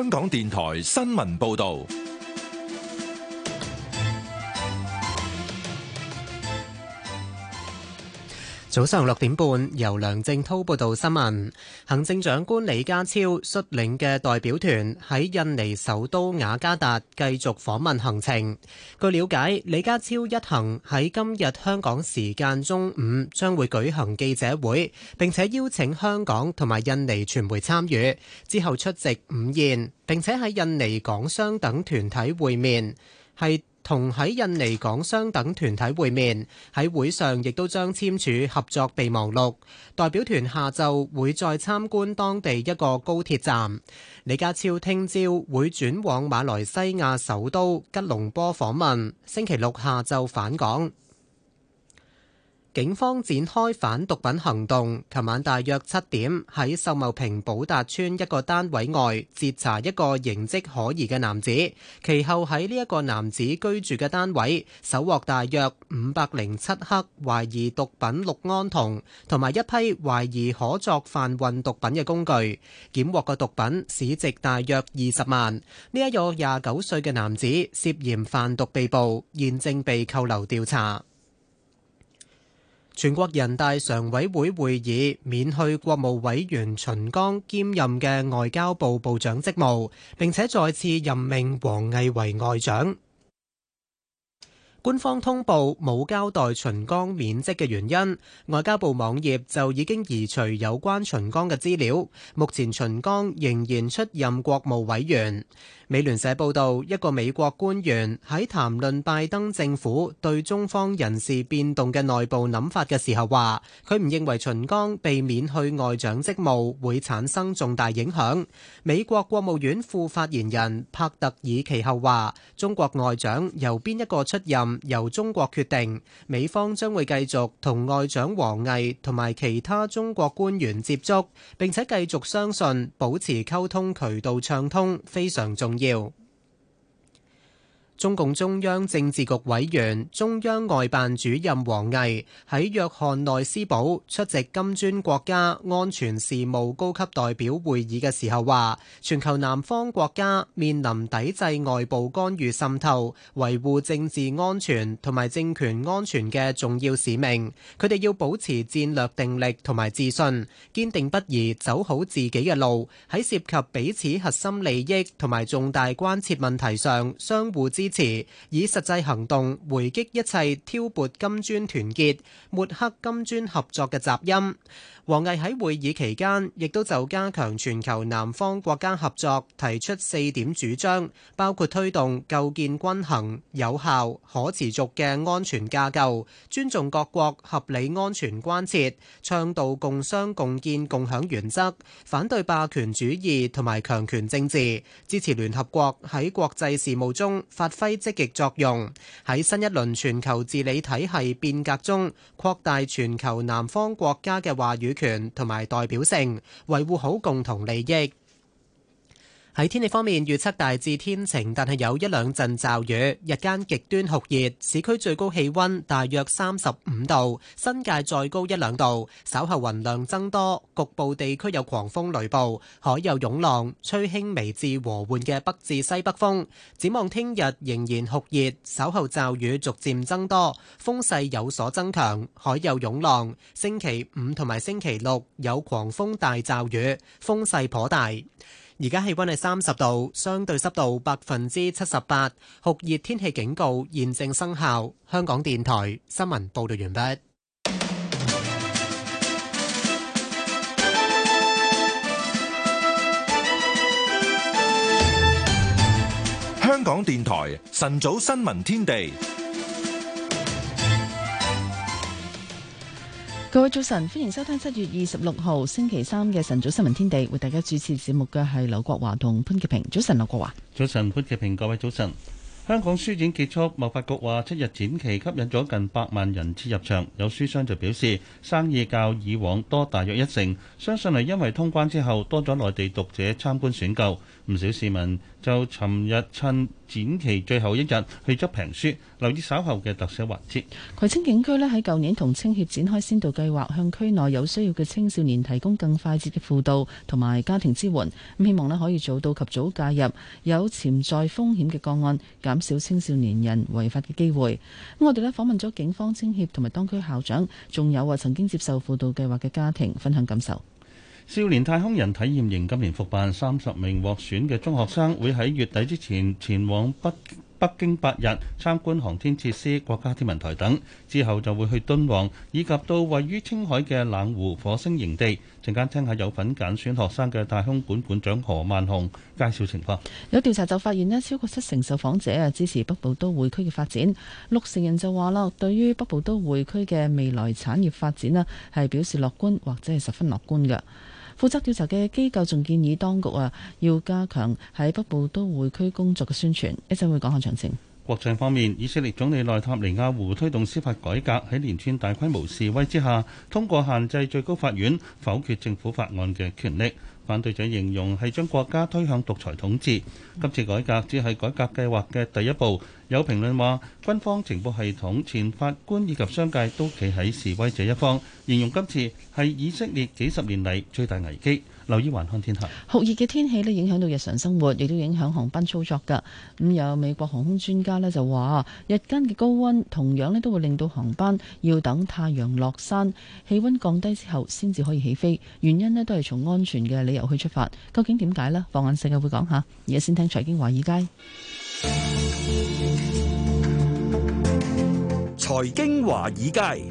香港電台新聞報道。早上六點半，由梁正滔報道新聞。行政長官李家超率領嘅代表團喺印尼首都雅加達繼續訪問行程。據了解，李家超一行喺今日香港時間中午將會舉行記者會，並且邀請香港同埋印尼傳媒參與。之後出席午宴，並且喺印尼港商等團體會面，係。同喺印尼港商等團體會面，喺會上亦都將簽署合作備忘錄。代表團下晝會再參觀當地一個高鐵站。李家超聽朝會轉往馬來西亞首都吉隆坡訪問，星期六下晝返港。警方展開反毒品行動，琴晚大約七點喺秀茂坪寶達村一個單位外截查一個形跡可疑嘅男子，其後喺呢一個男子居住嘅單位搜獲大約五百零七克懷疑毒品氯胺酮，同埋一批懷疑可作販運毒品嘅工具，檢獲嘅毒品市值大約二十萬。呢一個廿九歲嘅男子涉嫌販毒被捕，現正被扣留調查。全國人大常委會會議免去國務委員秦剛兼任嘅外交部部長職務，並且再次任命王毅為外長。官方通報冇交代秦剛免職嘅原因，外交部網頁就已經移除有關秦剛嘅資料。目前秦剛仍然出任國務委員。美聯社報道，一個美國官員喺談論拜登政府對中方人事變動嘅內部諗法嘅時候話，佢唔認為秦剛被免去外長職務會產生重大影響，美國國務院副發言人帕特爾其後話，中國外長由邊一個出任，由中國決定，美方將會繼續同外長王毅同埋其他中國官員接觸，並且繼續相信保持溝通渠道暢通非常重要。中共中央政治局委員、中央外辦主任王毅喺約翰內斯堡出席金磚國家安全事務高級代表會議嘅時候話，全球南方國家面臨抵制外部干預滲透、維護政治安全同埋政權安全嘅重要使命，佢哋要保持戰略定力同埋自信，堅定不移走好自己嘅路，喺涉及彼此核心利益同埋重大關切問題上相互支。支持以實際行動回擊一切挑撥金磚團結、抹黑金磚合作嘅雜音。王毅喺會議期間亦都就加強全球南方國家合作提出四點主張，包括推動構建均衡、有效、可持續嘅安全架構，尊重各國合理安全關切，倡導共商、共建、共享原則，反對霸權主義同埋強權政治，支持聯合國喺國際事務中發發揮積極作用，喺新一輪全球治理體系變革中擴大全球南方國家嘅話語權同埋代表性，維護好共同利益。喺天氣方面，預測大致天晴，但係有一兩陣驟雨。日間極端酷熱，市區最高氣溫大約三十五度，新界再高一兩度。稍後雲量增多，局部地區有狂風雷暴，海有湧浪，吹輕微至和緩嘅北至西北風。展望聽日仍然酷熱，稍後驟雨逐漸增多，風勢有所增強，海有湧浪。星期五同埋星期六有狂風大驟雨，風勢頗大。而家氣温係三十度，相對濕度百分之七十八，酷熱天氣警告現正生效。香港電台新聞報導完畢。香港電台晨早新聞天地。各位早晨，歡迎收聽七月二十六號星期三嘅晨早新聞天地。為大家主持節目嘅係劉國華同潘潔平。早晨，劉國華。早晨，潘潔平。各位早晨。香港書展結束，貿發局話七日展期吸引咗近百萬人次入場，有書商就表示生意較以往多大約一成，相信係因為通關之後多咗內地讀者參觀選購。唔少市民就尋日趁。展期最後一日去執平書，留意稍後嘅特色環節。葵青警區咧喺舊年同青協展開先導計劃，向區內有需要嘅青少年提供更快捷嘅輔導同埋家庭支援。咁希望咧可以做到及早介入有潛在風險嘅個案，減少青少年人違法嘅機會。咁我哋咧訪問咗警方、青協同埋當區校長，仲有啊曾經接受輔導計劃嘅家庭分享感受。少年太空人體驗營今年復辦，三十名獲選嘅中學生會喺月底之前前往北北京八日參觀航天設施、國家天文台等，之後就會去敦煌，以及到位於青海嘅冷湖火星營地。陣間聽下有份揀選，選學生嘅太空館館長何萬雄介紹情況。有調查就發現咧，超過七成受訪者啊支持北部都會區嘅發展，六成人就話啦，對於北部都會區嘅未來產業發展咧係表示樂觀或者係十分樂觀嘅。負責調查嘅機構仲建議當局啊，要加強喺北部都會區工作嘅宣傳。講一陣會講下詳情。國際方面，以色列總理內塔尼亞胡推動司法改革，喺連串大規模示威之下，通過限制最高法院否決政府法案嘅權力。反對者形容係將國家推向獨裁統治。今次改革只係改革計劃嘅第一步。有評論話，軍方情報系統、前法官以及商界都企喺示威者一方，形容今次係以色列幾十年嚟最大危機。留意環空天下酷熱嘅天氣咧，影響到日常生活，亦都影響航班操作嘅。咁、嗯、有美國航空專家咧就話，日間嘅高溫同樣咧都會令到航班要等太陽落山，氣溫降低之後先至可以起飛。原因咧都係從安全嘅理由去出發。究竟點解呢？放眼世界會講下。而家先聽財經華爾街。財經華爾街，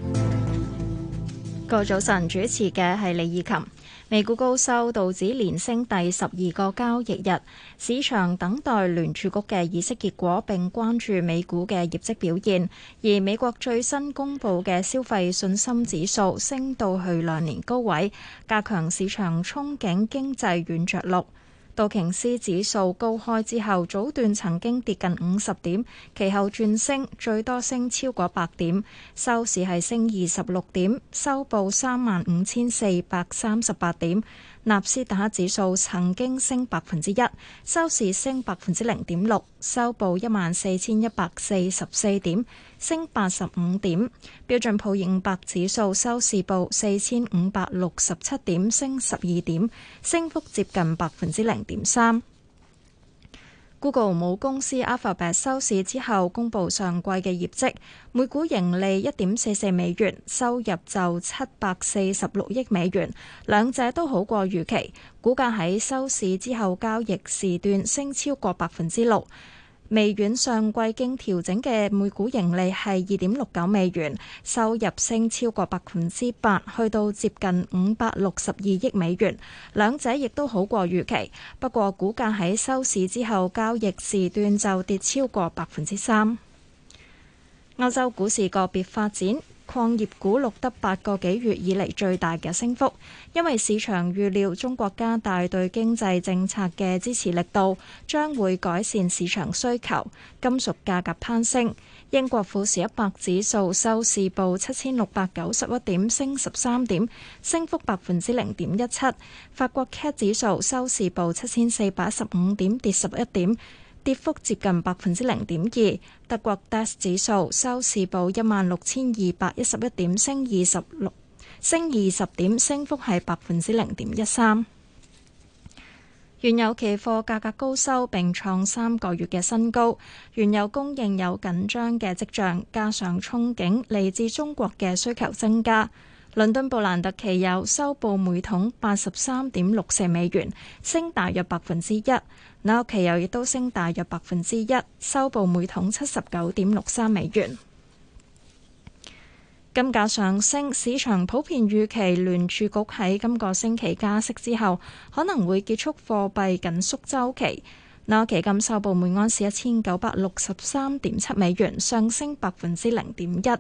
個早晨主持嘅係李義琴。美股高收，道指連升第十二個交易日，市場等待聯儲局嘅議息結果並關注美股嘅業績表現，而美國最新公布嘅消費信心指數升到去兩年高位，加強市場憧憬經濟軟着陸。道瓊斯指數高開之後，早段曾經跌近五十點，其後轉升，最多升超過百點，收市係升二十六點，收報三萬五千四百三十八點。納斯達克指數曾經升百分之一，收市升百分之零點六，收報一萬四千一百四十四點，升八十五點。標準普爾五百指數收市報四千五百六十七點，升十二點，升幅接近百分之零點三。Google 母公司 Alphabet 收市之後公佈上季嘅業績，每股盈利一點四四美元，收入就七百四十六億美元，兩者都好過預期，股價喺收市之後交易時段升超過百分之六。微軟上季經調整嘅每股盈利係二點六九美元，收入升超過百分之八，去到接近五百六十二億美元，兩者亦都好過預期。不過股價喺收市之後交易時段就跌超過百分之三。歐洲股市個別發展。礦業股錄得八個幾月以嚟最大嘅升幅，因為市場預料中國加大對經濟政策嘅支持力度，將會改善市場需求，金屬價格攀升。英國富時一百指數收市報七千六百九十一點，升十三點，升幅百分之零點一七。法國 CAC 指數收市報七千四百十五點，跌十一點。跌幅接近百分之零點二。德國 DAX 指數收市報一萬六千二百一十一點，升二十六升二十點，升幅係百分之零點一三。原油期貨價格高收並創三個月嘅新高，原油供應有緊張嘅跡象，加上憧憬嚟自中國嘅需求增加。倫敦布蘭特期油收報每桶八十三點六四美元，升大約百分之一。紐約期油亦都升大約百分之一，收報每桶七十九點六三美元。金價上升，市場普遍預期聯儲局喺今個星期加息之後，可能會結束貨幣緊縮周期。紐約期金收報每安士一千九百六十三點七美元，上升百分之零點一。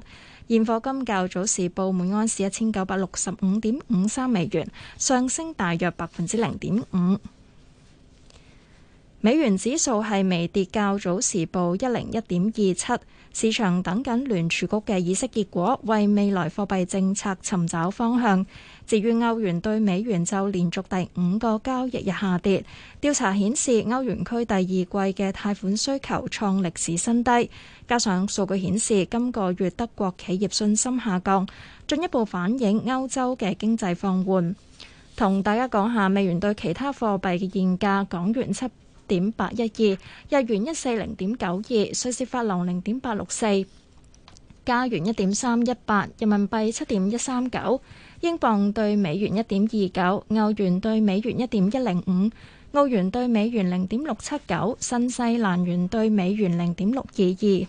現貨金較早時報每安士一千九百六十五點五三美元，上升大約百分之零點五。美元指數係微跌，較早時報一零一點二七。市場等緊聯儲局嘅議息結果，為未來貨幣政策尋找方向。至於歐元兌美元就連續第五個交易日下跌。調查顯示歐元區第二季嘅貸款需求創歷史新低，加上數據顯示今個月德國企業信心下降，進一步反映歐洲嘅經濟放緩。同大家講下美元兌其他貨幣嘅現價：港元七點八一二，日元一四零點九二，瑞士法郎零點八六四，加元一點三一八，人民幣七點一三九。英鎊兌美元一點二九，歐元兌美元一點一零五，澳元兌美元零點六七九，新西蘭元兌美元零點六二二。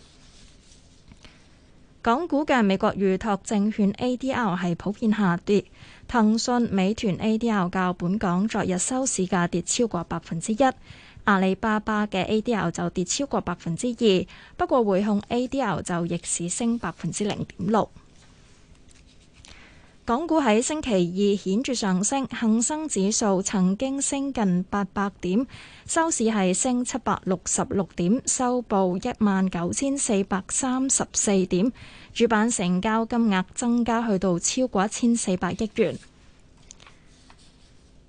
港股嘅美國預託證券 ADR 係普遍下跌，騰訊、美團 ADR 較本港昨日收市價跌超過百分之一，阿里巴巴嘅 ADR 就跌超過百分之二，不過匯控 ADR 就逆市升百分之零點六。港股喺星期二顯著上升，恒生指數曾經升近八百點，收市係升七百六十六點，收報一萬九千四百三十四點，主板成交金額增加去到超過一千四百億元。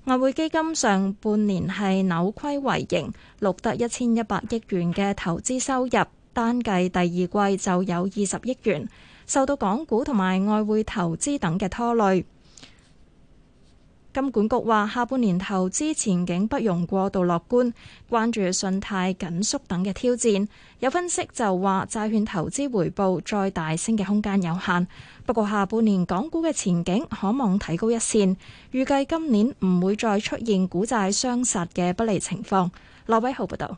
外匯基金上半年係扭虧為盈，錄得一千一百億元嘅投資收入，單計第二季就有二十億元。受到港股同埋外匯投資等嘅拖累，金管局話下半年投資前景不容過度樂觀，關注信貸緊縮等嘅挑戰，有分析就話債券投資回報再大升嘅空間有限。不過下半年港股嘅前景可望提高一線，預計今年唔會再出現股債雙殺嘅不利情況，羅偉浩報道。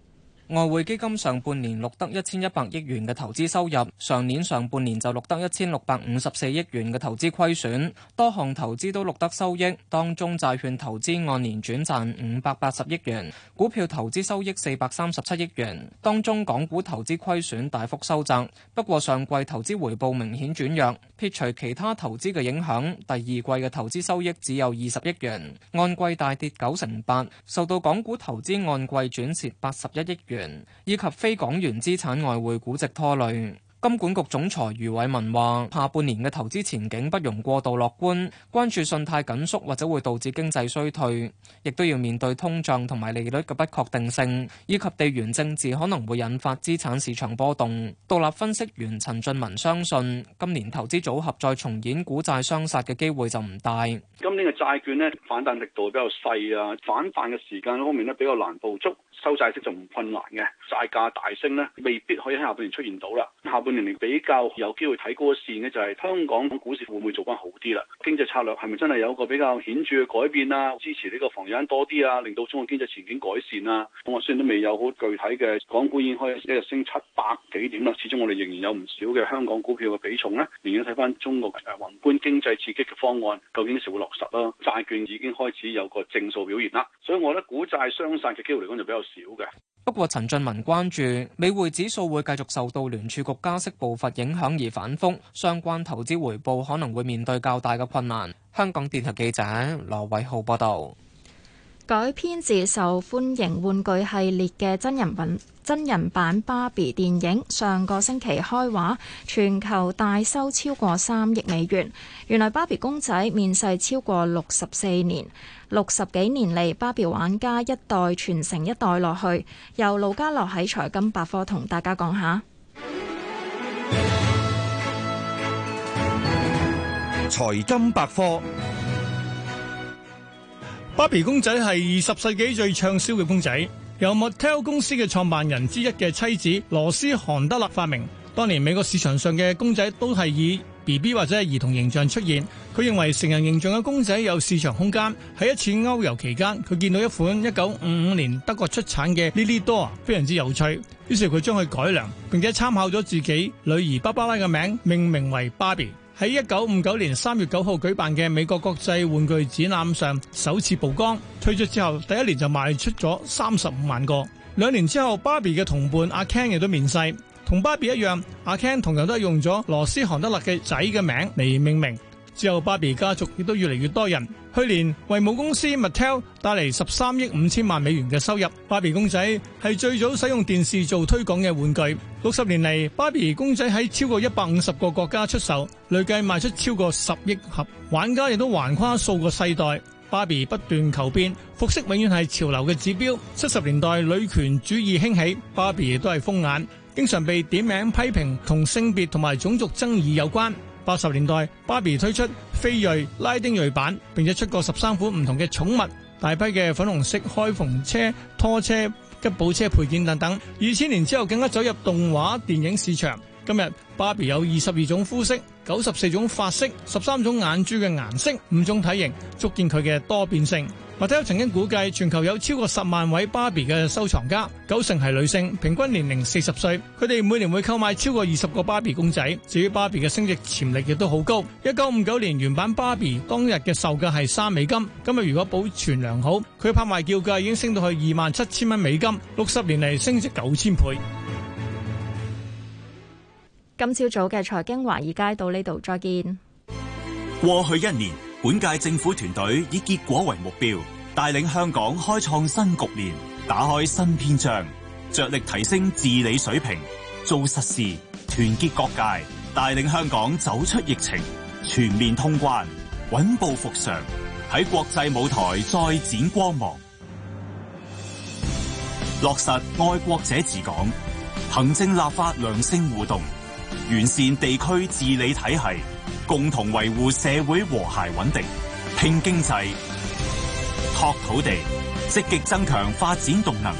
外匯基金上半年錄得一千一百億元嘅投資收入，上年上半年就錄得一千六百五十四億元嘅投資虧損，多項投資都錄得收益，當中債券投資按年轉賺五百八十億元，股票投資收益四百三十七億元，當中港股投資虧損大幅收窄，不過上季投資回報明顯轉弱，撇除其他投資嘅影響，第二季嘅投資收益只有二十億元，按季大跌九成八，受到港股投資按季轉蝕八十一億元，以及非港元資產外匯估值拖累，金管局總裁余偉文話：下半年嘅投資前景不容過度樂觀，關注信貸緊縮或者會導致經濟衰退，亦都要面對通脹同埋利率嘅不確定性，以及地緣政治可能會引發資產市場波動。獨立分析員陳俊文相信，今年投資組合再重演股債雙殺嘅機會就唔大。今年嘅債券呢，反彈力度比較細啊，反彈嘅時間方面咧比較難捕捉。收債息就唔困難嘅，債價大升呢未必可以喺下半年出現到啦。下半年嚟比較有機會睇高線嘅就係、是、香港股市會唔會做翻好啲啦？經濟策略係咪真係有個比較顯著嘅改變啊？支持呢個房產多啲啊，令到中國經濟前景改善啊！咁我雖然都未有好具體嘅港股已經開始一日升七百幾點啦，始終我哋仍然有唔少嘅香港股票嘅比重呢。仍然睇翻中國宏觀經濟刺激嘅方案究竟幾時會落實咯。債券已經開始有個正數表現啦，所以我覺得股債雙殺嘅機會嚟講就比較少。少嘅。不過，陳俊文關注美匯指數會繼續受到聯儲局加息步伐影響而反覆，相關投資回報可能會面對較大嘅困難。香港電台記者羅偉浩報道。改編自受歡迎玩具系列嘅真人品真人版芭比電影，上個星期開畫，全球大收超過三億美元。原來芭比公仔面世超過六十四年，六十幾年嚟，芭比玩家一代傳承一代落去。由盧家樂喺財金百科同大家講下，財金百科。芭比公仔係二十世紀最暢銷嘅公仔，由 Mattel 公司嘅創辦人之一嘅妻子羅斯韓德勒發明。當年美國市場上嘅公仔都係以 BB 或者係兒童形象出現，佢認為成人形象嘅公仔有市場空間。喺一次歐遊期間，佢見到一款一九五五年德國出產嘅 Lilido 非常之有趣，於是佢將佢改良，並且參考咗自己女兒芭芭拉嘅名，命名為芭比。喺一九五九年三月九號舉辦嘅美國國際玩具展覽上首次曝光，推出之後第一年就賣出咗三十五萬個。兩年之後，芭比嘅同伴阿 Ken 亦都面世，同芭比一樣，阿 Ken 同樣都係用咗羅斯·韓德勒嘅仔嘅名嚟命名。之後，芭比家族亦都越嚟越多人，去年為母公司 Mattel 帶嚟十三億五千萬美元嘅收入。芭比公仔係最早使用電視做推廣嘅玩具。六十年嚟，芭比公仔喺超過一百五十個國家出售，累計賣出超過十億盒。玩家亦都橫跨數個世代。芭比不斷求變，服飾永遠係潮流嘅指標。七十年代女權主義興起，芭比亦都係風眼，經常被點名批評，同性別同埋種族爭議有關。八十年代，芭比推出非裔拉丁裔版，並且出過十三款唔同嘅寵物，大批嘅粉紅色開篷車、拖車、吉普車配件等等。二千年之後，更加走入動畫電影市場。今日芭比有二十二種膚色、九十四種髮色、十三種眼珠嘅顏色、五種體型，足見佢嘅多變性。或者曾經估計全球有超過十萬位芭比嘅收藏家，九成係女性，平均年齡四十歲。佢哋每年會購買超過二十個芭比公仔。至於芭比嘅升值潛力亦都好高。一九五九年原版芭比當日嘅售價係三美金，今日如果保存良好，佢拍賣叫價已經升到去二萬七千蚊美金，六十年嚟，升值九千倍。今朝早嘅財經華爾街到呢度再見。過去一年，本屆政府團隊以結果為目標，帶領香港開創新局面，打開新篇章，着力提升治理水平，做實事，團結各界，帶領香港走出疫情，全面通關，穩步復常，喺國際舞台再展光芒。落實愛國者治港，行政立法良性互動。完善地區治理體系，共同維護社會和諧穩定；拼經濟，拓土地，積極增強發展動能，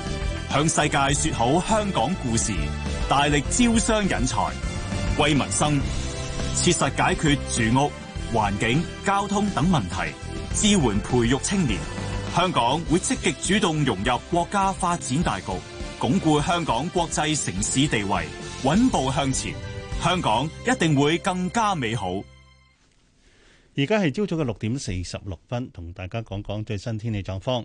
向世界說好香港故事；大力招商引才，為民生切實解決住屋、環境、交通等問題，支援培育青年。香港會積極主動融入國家發展大局，鞏固香港國際城市地位，穩步向前。香港一定會更加美好。而家係朝早嘅六點四十六分，同大家講講最新天氣狀況。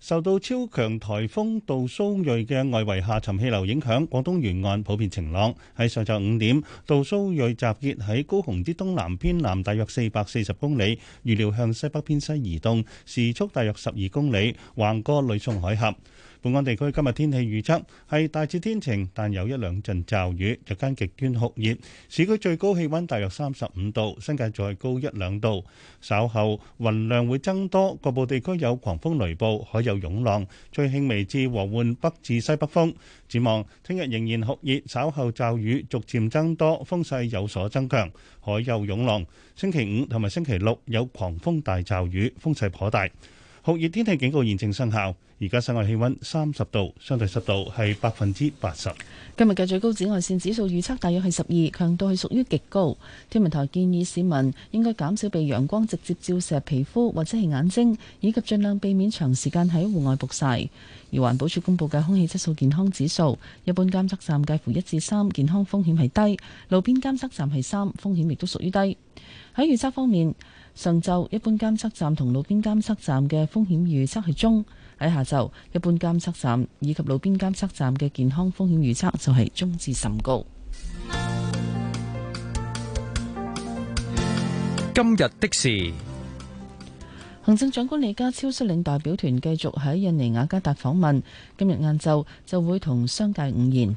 受到超強颱風杜蘇芮嘅外圍下沉氣流影響，廣東沿岸普遍晴朗。喺上晝五點，杜蘇芮集結喺高雄之東南偏南大約四百四十公里，預料向西北偏西移動，時速大約十二公里，橫過呂宋海峽。本港地區今日天氣預測係大致天晴，但有一兩陣驟雨。日間極端酷熱，市區最高氣温大約三十五度，新界再高一兩度。稍後雲量會增多，局部地區有狂風雷暴，海有湧浪。最輕微至和緩北至西北風。展望聽日仍然酷熱，稍後驟雨逐漸增多，風勢有所增強，海有湧浪。星期五同埋星期六有狂風大驟雨，風勢頗大。酷熱天氣警告現正生效，而家室外氣溫三十度，相對濕度係百分之八十。今日嘅最高紫外線指數預測大約係十二，強度係屬於極高。天文台建議市民應該減少被陽光直接照射皮膚或者係眼睛，以及盡量避免長時間喺戶外曝曬。而環保署公布嘅空氣質素健康指數，一般監測站介乎一至三，健康風險係低；路邊監測站係三，風險亦都屬於低。喺預測方面。上晝一般監測站同路邊監測站嘅風險預測係中。喺下晝一般監測站以及路邊監測站嘅健康風險預測就係中至甚高。今日的事，行政長官李家超率領代表團繼續喺印尼雅加達訪問，今日晏晝就會同商界午宴。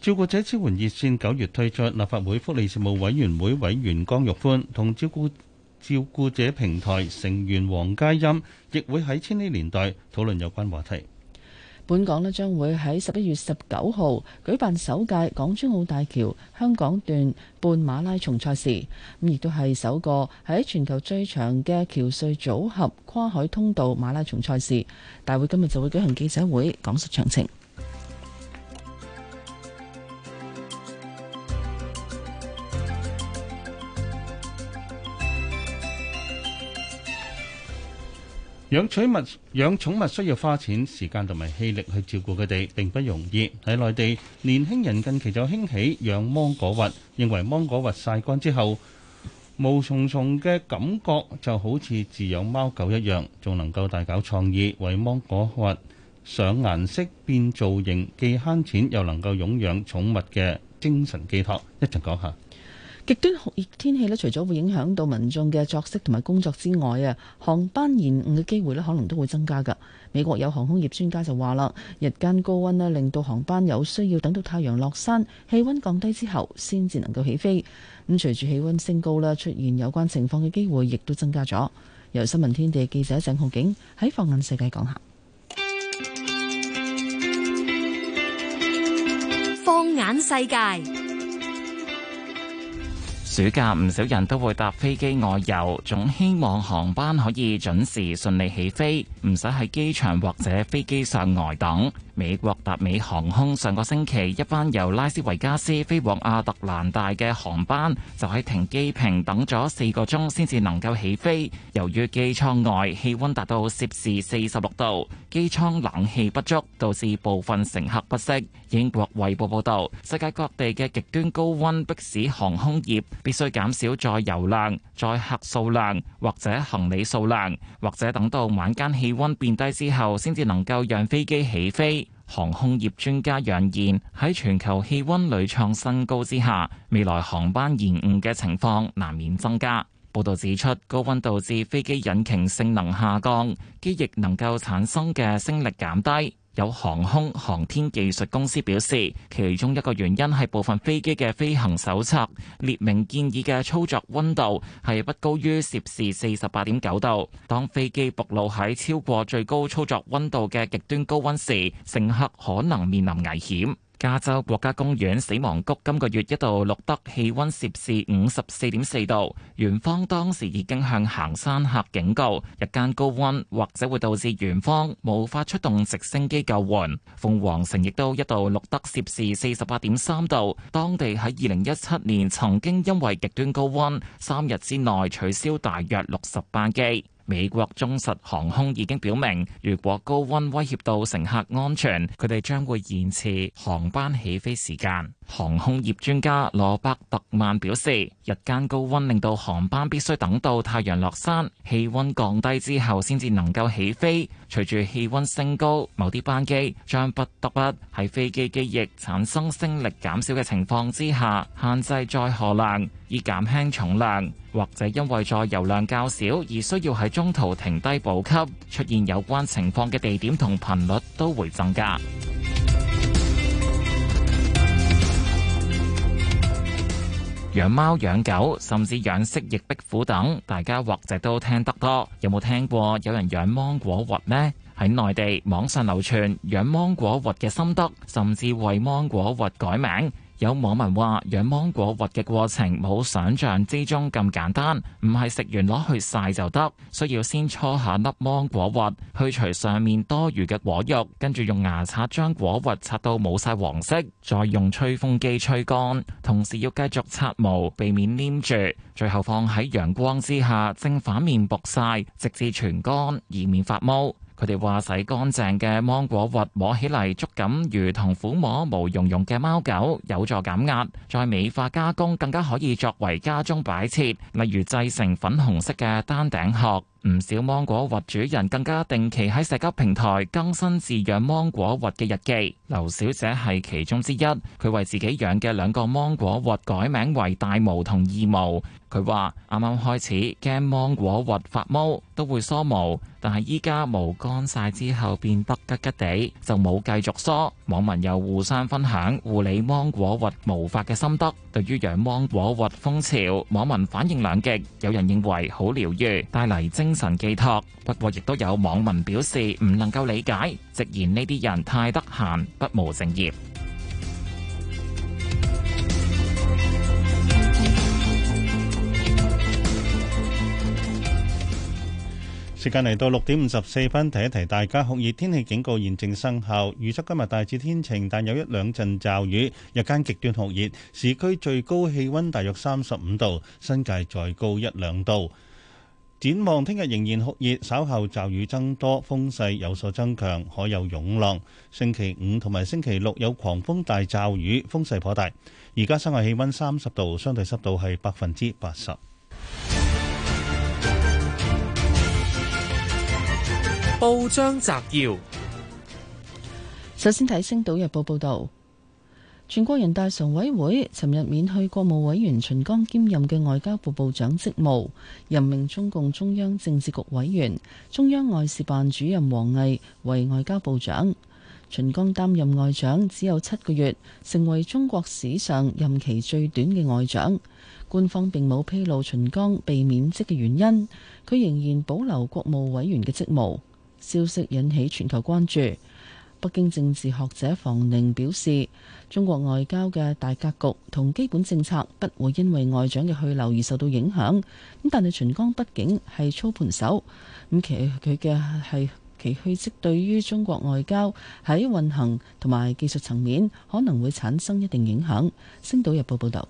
照顧者支援熱線九月推出，立法會福利事務委員會委員江玉歡同照顧照顧者平台成員黃嘉欣，亦會喺千禧年代討論有關話題。本港呢將會喺十一月十九號舉辦首屆港珠澳大橋香港段半馬拉松賽事，咁亦都係首個喺全球最長嘅橋隧組合跨海通道馬拉松賽事。大會今日就會舉行記者會，講述詳情。養寵物，養寵物需要花錢、時間同埋氣力去照顧佢哋，並不容易。喺內地，年輕人近期就興起養芒果核，認為芒果核晒乾之後毛鬆鬆嘅感覺就好似飼養貓狗一樣，仲能夠大搞創意，為芒果核上顏色、變造型，既慳錢又能夠擁有寵物嘅精神寄托。講一陣講下。極端酷熱天氣咧，除咗會影響到民眾嘅作息同埋工作之外啊，航班延誤嘅機會咧，可能都會增加噶。美國有航空業專家就話啦，日間高溫咧，令到航班有需要等到太陽落山、氣溫降低之後先至能夠起飛。咁隨住氣溫升高啦，出現有關情況嘅機會亦都增加咗。由新聞天地記者鄭浩景喺放眼世界講下，放眼世界。暑假唔少人都會搭飛機外遊，總希望航班可以準時順利起飛，唔使喺機場或者飛機上呆等。美國達美航空上個星期一班由拉斯維加斯飛往亞特蘭大嘅航班，就喺停機坪等咗四個鐘先至能夠起飛。由於機艙外氣溫達到攝氏四十六度，機艙冷氣不足，導致部分乘客不適。英國《衛報》報導，世界各地嘅極端高溫迫使航空業。必須減少載油量，載客數量或者行李數量，或者等到晚間氣溫變低之後，先至能夠讓飛機起飛。航空業專家揚言，喺全球氣溫屢創新高之下，未來航班延誤嘅情況難免增加。報道指出，高溫導致飛機引擎性能下降，機翼能夠產生嘅升力減低。有航空航天技術公司表示，其中一個原因係部分飛機嘅飛行手冊列明建議嘅操作溫度係不高於攝氏四十八點九度。當飛機暴露喺超過最高操作溫度嘅極端高溫時，乘客可能面臨危險。加州國家公園死亡谷今個月一度錄得氣溫攝氏五十四點四度，園方當時已經向行山客警告，日間高温或者會導致園方無法出動直升機救援。鳳凰城亦都一度錄得攝氏四十八點三度，當地喺二零一七年曾經因為極端高温，三日之內取消大約六十班機。美國忠實航空已經表明，如果高温威脅到乘客安全，佢哋將會延遲航班起飛時間。航空業專家羅伯特曼表示，日間高温令到航班必須等到太陽落山、氣温降低之後，先至能夠起飛。隨住氣温升高，某啲班機將不得不喺飛機機翼產生升力減少嘅情況之下，限制載荷量，以減輕重量；或者因為載油量較少而需要喺中途停低補給，出現有關情況嘅地點同頻率都會增加。養貓、養狗，甚至養蜥蜴、壁虎等，大家或者都聽得多。有冇聽過有人養芒果核呢？喺內地網上流傳養芒果核嘅心得，甚至為芒果核改名。有網民話，養芒果核嘅過程冇想象之中咁簡單，唔係食完攞去曬就得，需要先搓下粒芒果核，去除上面多餘嘅果肉，跟住用牙刷將果核擦到冇晒黃色，再用吹風機吹乾，同時要繼續刷毛，避免黏住，最後放喺陽光之下，正反面薄曬，直至全乾，以免發毛。佢哋話：洗乾淨嘅芒果核摸起嚟觸感如同撫摸毛茸茸嘅貓狗，有助減壓。再美化加工，更加可以作為家中擺設，例如製成粉紅色嘅丹頂鶴。唔少芒果核主人更加定期喺社交平台更新飼養芒果核嘅日記。劉小姐係其中之一，佢為自己養嘅兩個芒果核改名為大毛同二毛。佢話啱啱開始驚芒果核發毛都會梳毛，但係依家毛乾晒之後變得吉吉地，就冇繼續梳。網民又互相分享護理芒果核毛髮嘅心得。對於養芒果核風潮，網民反應兩極，有人認為好療癒，帶嚟精，精神寄託，不過亦都有網民表示唔能夠理解，直言呢啲人太得閒，不務正業。時間嚟到六點五十四分，提一提大家酷熱天氣警告現正生效，預測今日大致天晴，但有一兩陣驟雨，日間極端酷熱，市區最高氣溫大約三十五度，新界再高一兩度。展望聽日仍然酷熱，稍後驟雨增多，風勢有所增強，可有湧浪。星期五同埋星期六有狂風大驟雨，風勢頗大。而家室外氣溫三十度，相對濕度係百分之八十。報章摘要：首先睇《星島日報》報道。全國人大常委會尋日免去國務委員秦剛兼任嘅外交部部長職務，任命中共中央政治局委員、中央外事辦主任王毅為外交部長。秦剛擔任外長只有七個月，成為中國史上任期最短嘅外長。官方並冇披露秦剛被免職嘅原因，佢仍然保留國務委員嘅職務。消息引起全球關注。北京政治學者房寧表示，中國外交嘅大格局同基本政策不會因為外長嘅去留而受到影響，咁但係秦剛畢竟係操盤手，咁其佢嘅係其去職對於中國外交喺運行同埋技術層面可能會產生一定影響。星島日報報道。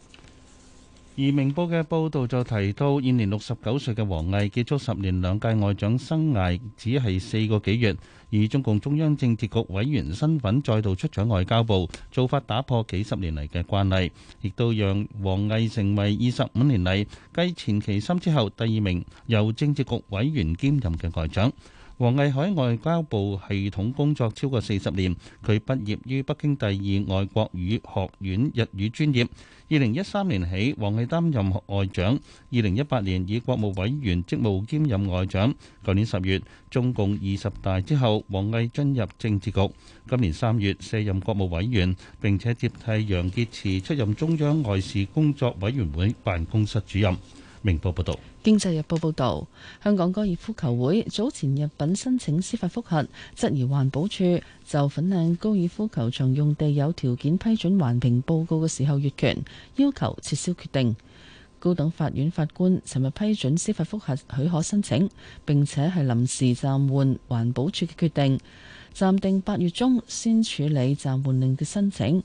而明報嘅報導就提到，現年六十九歲嘅王毅結束十年兩屆外長生涯，只係四個幾月，以中共中央政治局委員身份再度出掌外交部，做法打破幾十年嚟嘅慣例，亦都讓王毅成為二十五年嚟繼錢其琛之後第二名由政治局委員兼任嘅外長。王毅海外交部系統工作超過四十年，佢畢業於北京第二外國語學院日語專業。二零一三年起，王毅擔任外長，二零一八年以國務委員職務兼任外長。去年十月，中共二十大之後，王毅進入政治局。今年三月卸任國務委員，並且接替楊潔篪出任中央外事工作委員會辦公室主任。明報報道。經濟日報報道，香港高爾夫球會早前入稟申請司法復核質環，質疑環保處就粉嶺高爾夫球場用地有條件批准環評報告嘅時候越權，要求撤銷決定。高等法院法官尋日批准司法復核許可申請，並且係臨時暫緩環保處嘅決定，暫定八月中先處理暫緩令嘅申請。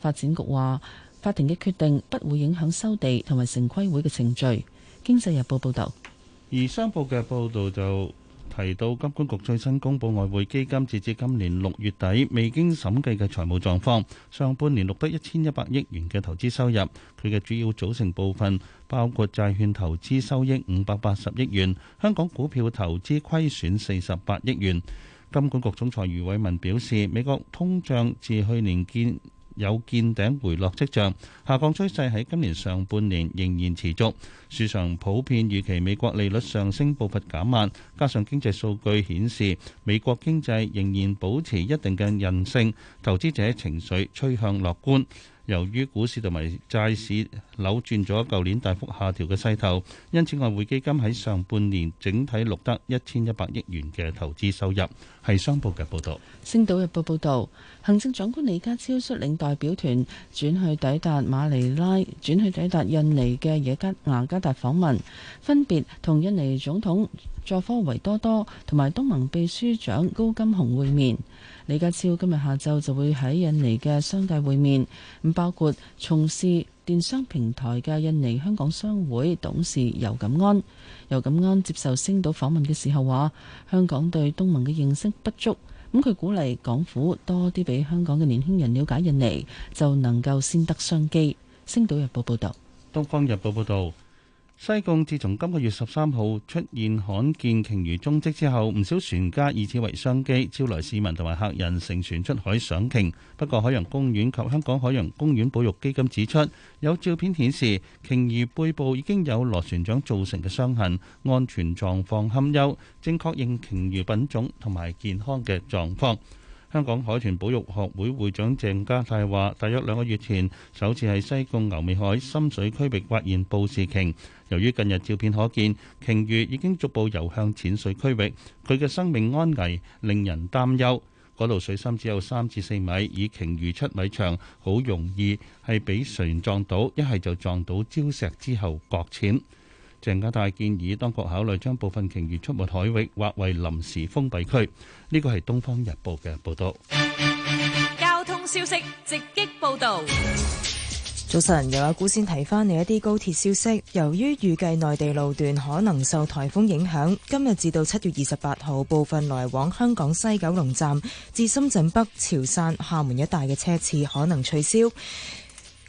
發展局話，法庭嘅決定不會影響收地同埋城規會嘅程序。經濟日報報道，而商報嘅報道就提到，金管局最新公布外匯基金截至今年六月底未經審計嘅財務狀況，上半年錄得一千一百億元嘅投資收入，佢嘅主要組成部分包括債券投資收益五百八十億元，香港股票投資虧損四十八億元。金管局總裁余偉文表示，美國通脹自去年見。有見頂回落跡象，下降趨勢喺今年上半年仍然持續。市場普遍預期美國利率上升步伐減慢，加上經濟數據顯示美國經濟仍然保持一定嘅韌性，投資者情緒趨向樂觀。由於股市同埋債市扭轉咗舊年大幅下調嘅勢頭，因此外匯基金喺上半年整體錄得一千一百億元嘅投資收入。係商報嘅報導。星島日報報導，行政長官李家超率領代表團轉去抵達馬尼拉，轉去抵達印尼嘅耶吉雅加達訪問，分別同印尼總統佐科維多多同埋東盟秘書長高金洪會面。李家超今日下晝就會喺印尼嘅商界會面，咁包括從事電商平台嘅印尼香港商會董事尤錦安。尤錦安接受星島訪問嘅時候話，香港對東盟嘅認識不足，咁佢鼓勵港府多啲俾香港嘅年輕人了解印尼，就能夠先得商機。星島日報報道。東方日報報道。西貢自從今個月十三號出現罕見鯨魚蹤跡之後，唔少船家以此為商機，招來市民同埋客人乘船出海賞鯨。不過，海洋公園及香港海洋公園，公園保育基金指出，有照片顯示鯨魚背部已經有螺旋槳造成嘅傷痕，安全狀況堪憂，正確認鯨魚品種同埋健康嘅狀況。香港海豚保育學會會長鄭家泰話，大約兩個月前，首次喺西貢牛尾海深水區域發現布氏鯨。由於近日照片可見，鯨魚已經逐步游向淺水區域，佢嘅生命安危令人擔憂。嗰度水深只有三至四米，以鯨魚七米長，好容易係俾船撞到，一係就撞到礁石之後擱淺。鄭家大建議當局考慮將部分鯨魚出沒海域劃為臨時封閉區。呢個係《東方日報》嘅報導。交通消息直擊報導。早晨，由阿姑先睇翻你一啲高鐵消息。由於預計內地路段可能受台風影響，今日至到七月二十八號，部分來往香港西九龍站至深圳北、潮汕、廈門一帶嘅車次可能取消。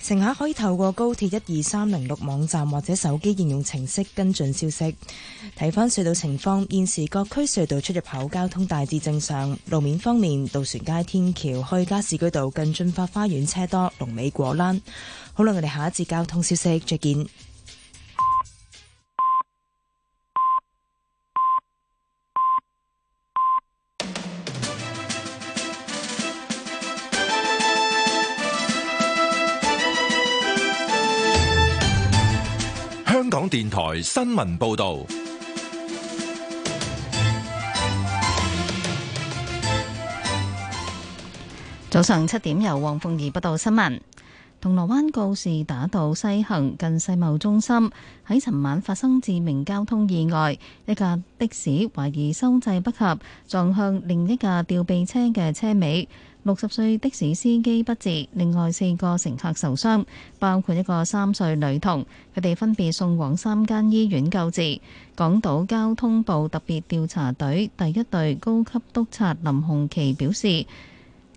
乘客可以透過高鐵一二三零六網站或者手機應用程式跟進消息。睇翻隧道情況，現時各區隧道出入口交通大致正常。路面方面，渡船街天橋、去加士居道、近駿發花園車多，龍尾果欄。好啦，我哋下一節交通消息，再見。香港電台新聞報道。早上七點，由黃鳳儀報道新聞。銅鑼灣告士打道西行近世貿中心，喺尋晚發生致命交通意外，一架的士懷疑收掣不及，撞向另一架吊臂車嘅車尾。六十歲的士司機不治，另外四個乘客受傷，包括一個三歲女童，佢哋分別送往三間醫院救治。港島交通部特別調查隊第一隊高級督察林洪奇表示。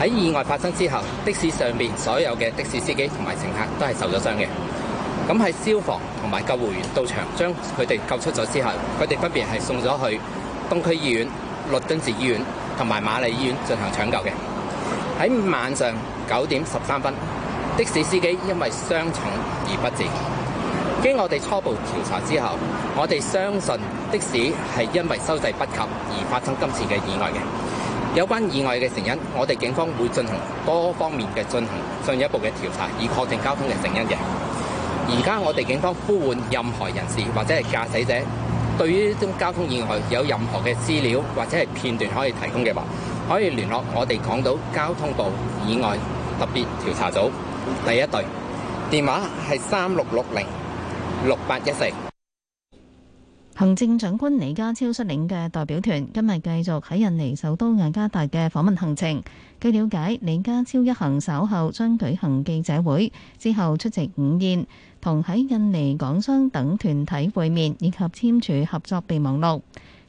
喺意外發生之後，的士上邊所有嘅的、的士司機同埋乘客都係受咗傷嘅。咁喺消防同埋救護員到場將佢哋救出咗之後，佢哋分別係送咗去東區醫院、律敦治醫院同埋瑪麗醫院進行搶救嘅。喺晚上九點十三分，的士司機因為傷重而不治。經我哋初步調查之後，我哋相信的士係因為收掣不及而發生今次嘅意外嘅。有關意外嘅成因，我哋警方會進行多方面嘅進行進一步嘅調查，以確定交通嘅成因嘅。而家我哋警方呼喚任何人士或者係駕駛者，對於啲交通意外有任何嘅資料或者係片段可以提供嘅話，可以聯絡我哋港島交通部意外特別調查組第一隊，電話係三六六零六八一四。行政長官李家超率領嘅代表團今日繼續喺印尼首都雅加達嘅訪問行程。據了解，李家超一行稍後將舉行記者會，之後出席午宴，同喺印尼港商等團體會面，以及簽署合作備忘錄。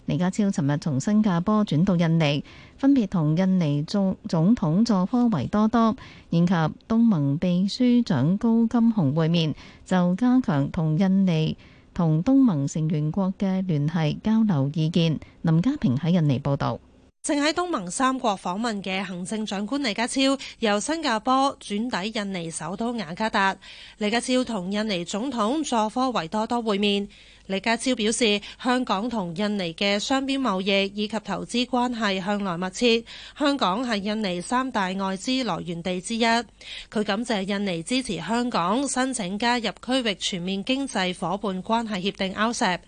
李家超尋日從新加坡轉到印尼，分別同印尼總總統佐科維多多以及東盟秘書長高金洪會面，就加強同印尼。同東盟成員國嘅聯繫交流意見，林家平喺印尼報道。正喺東盟三國訪問嘅行政長官李家超，由新加坡轉抵印尼首都雅加達。李家超同印尼總統佐科維多多會面。李家超表示，香港同印尼嘅雙邊貿易以及投資關係向來密切，香港係印尼三大外資來源地之一。佢感謝印尼支持香港申請加入區域全面經濟夥伴關係協定 RCEP。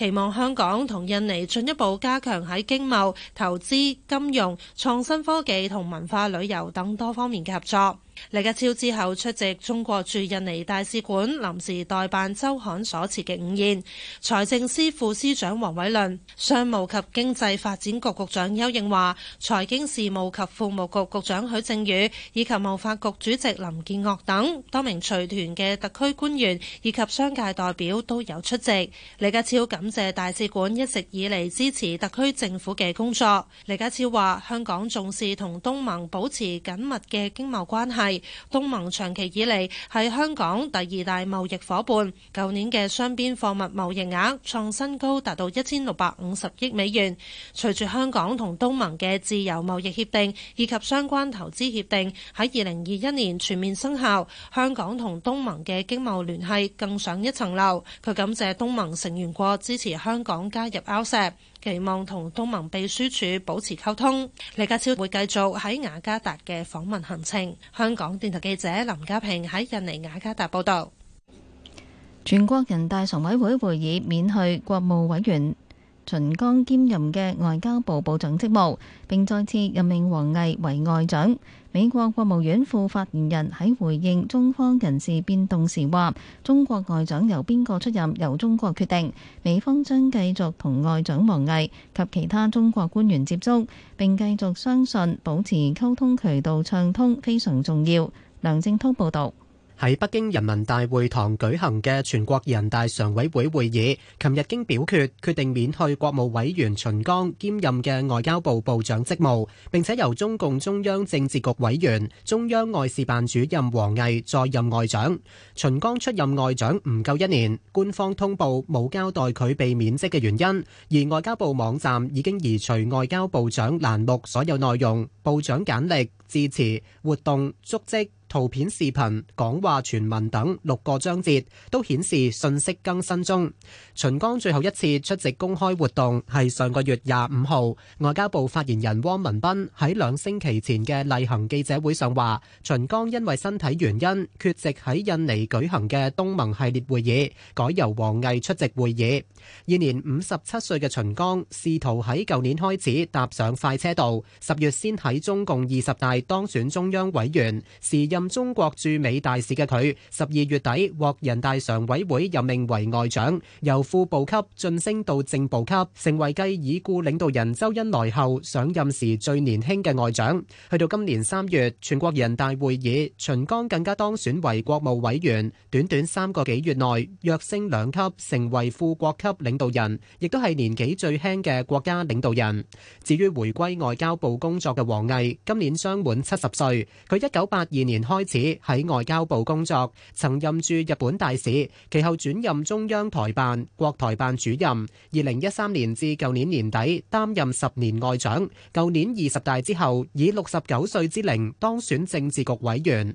期望香港同印尼進一步加強喺經貿、投資、金融、創新科技同文化旅遊等多方面嘅合作。李家超之後出席中國駐印尼大使館臨時代辦周刊所持嘅午宴，財政司副司長黃偉綸、商務及經濟發展局局長邱應華、財經事務及庫務局局長許正宇以及貿發局主席林建岳等多名隨團嘅特區官員以及商界代表都有出席。李家超感謝大使館一直以嚟支持特區政府嘅工作。李家超話：香港重視同東盟保持緊密嘅經貿關係。東盟長期以嚟係香港第二大貿易夥伴，舊年嘅雙邊貨物貿易額創新高，達到一千六百五十億美元。隨住香港同東盟嘅自由貿易協定以及相關投資協定喺二零二一年全面生效，香港同東盟嘅經貿聯繫更上一層樓。佢感謝東盟成員國支持香港加入 RCEP。期望同東盟秘書處保持溝通。李家超會繼續喺雅加達嘅訪問行程。香港電台記者林家平喺印尼雅加達報導。全國人大常委會會議免去國務委員秦剛兼任嘅外交部部長職務，並再次任命王毅為外長。美國國務院副發言人喺回應中方人事變動時話：中國外長由邊個出任，由中國決定。美方將繼續同外長王毅及其他中國官員接觸，並繼續相信保持溝通渠道暢通非常重要。梁正通報導。喺北京人民大會堂舉行嘅全國人大常委會會議，琴日經表決，決定免去國務委員秦剛兼任嘅外交部部長職務，並且由中共中央政治局委員、中央外事辦主任王毅再任外長。秦剛出任外長唔夠一年，官方通報冇交代佢被免職嘅原因，而外交部網站已經移除外交部長欄目所有內容，部長簡歷、致辭、活動、足跡。圖片、視頻、講話、全文等六個章節都顯示信息更新中。秦剛最後一次出席公開活動係上個月廿五號。外交部發言人汪文斌喺兩星期前嘅例行記者會上話，秦剛因為身體原因缺席喺印尼舉行嘅東盟系列會議，改由王毅出席會議。現年五十七歲嘅秦剛試圖喺舊年開始踏上快車道，十月先喺中共二十大當選中央委員，是因。中國駐美大使嘅佢，十二月底獲人大常委會任命為外長，由副部級晉升到正部級，成為繼已故領導人周恩來後上任時最年輕嘅外長。去到今年三月，全國人大會議，秦剛更加當選為國務委員，短短三個幾月內躍升兩級，成為副國級領導人，亦都係年紀最輕嘅國家領導人。至於回歸外交部工作嘅王毅，今年將滿七十歲，佢一九八二年。開始喺外交部工作，曾任駐日本大使，其後轉任中央台辦、國台辦主任。二零一三年至舊年年底擔任十年外長，舊年二十大之後，以六十九歲之齡當選政治局委員。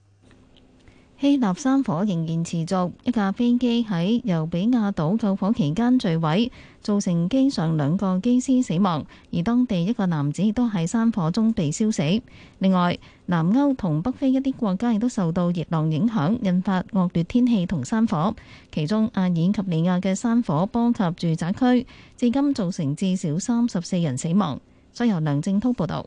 希臘山火仍然持續，一架飛機喺由比亞島救火期間墜毀，造成機上兩個機師死亡，而當地一個男子亦都喺山火中被燒死。另外，南歐同北非一啲國家亦都受到熱浪影響，引發惡劣天氣同山火，其中阿爾及利亞嘅山火波及住宅區，至今造成至少三十四人死亡。所以由梁正滔報道。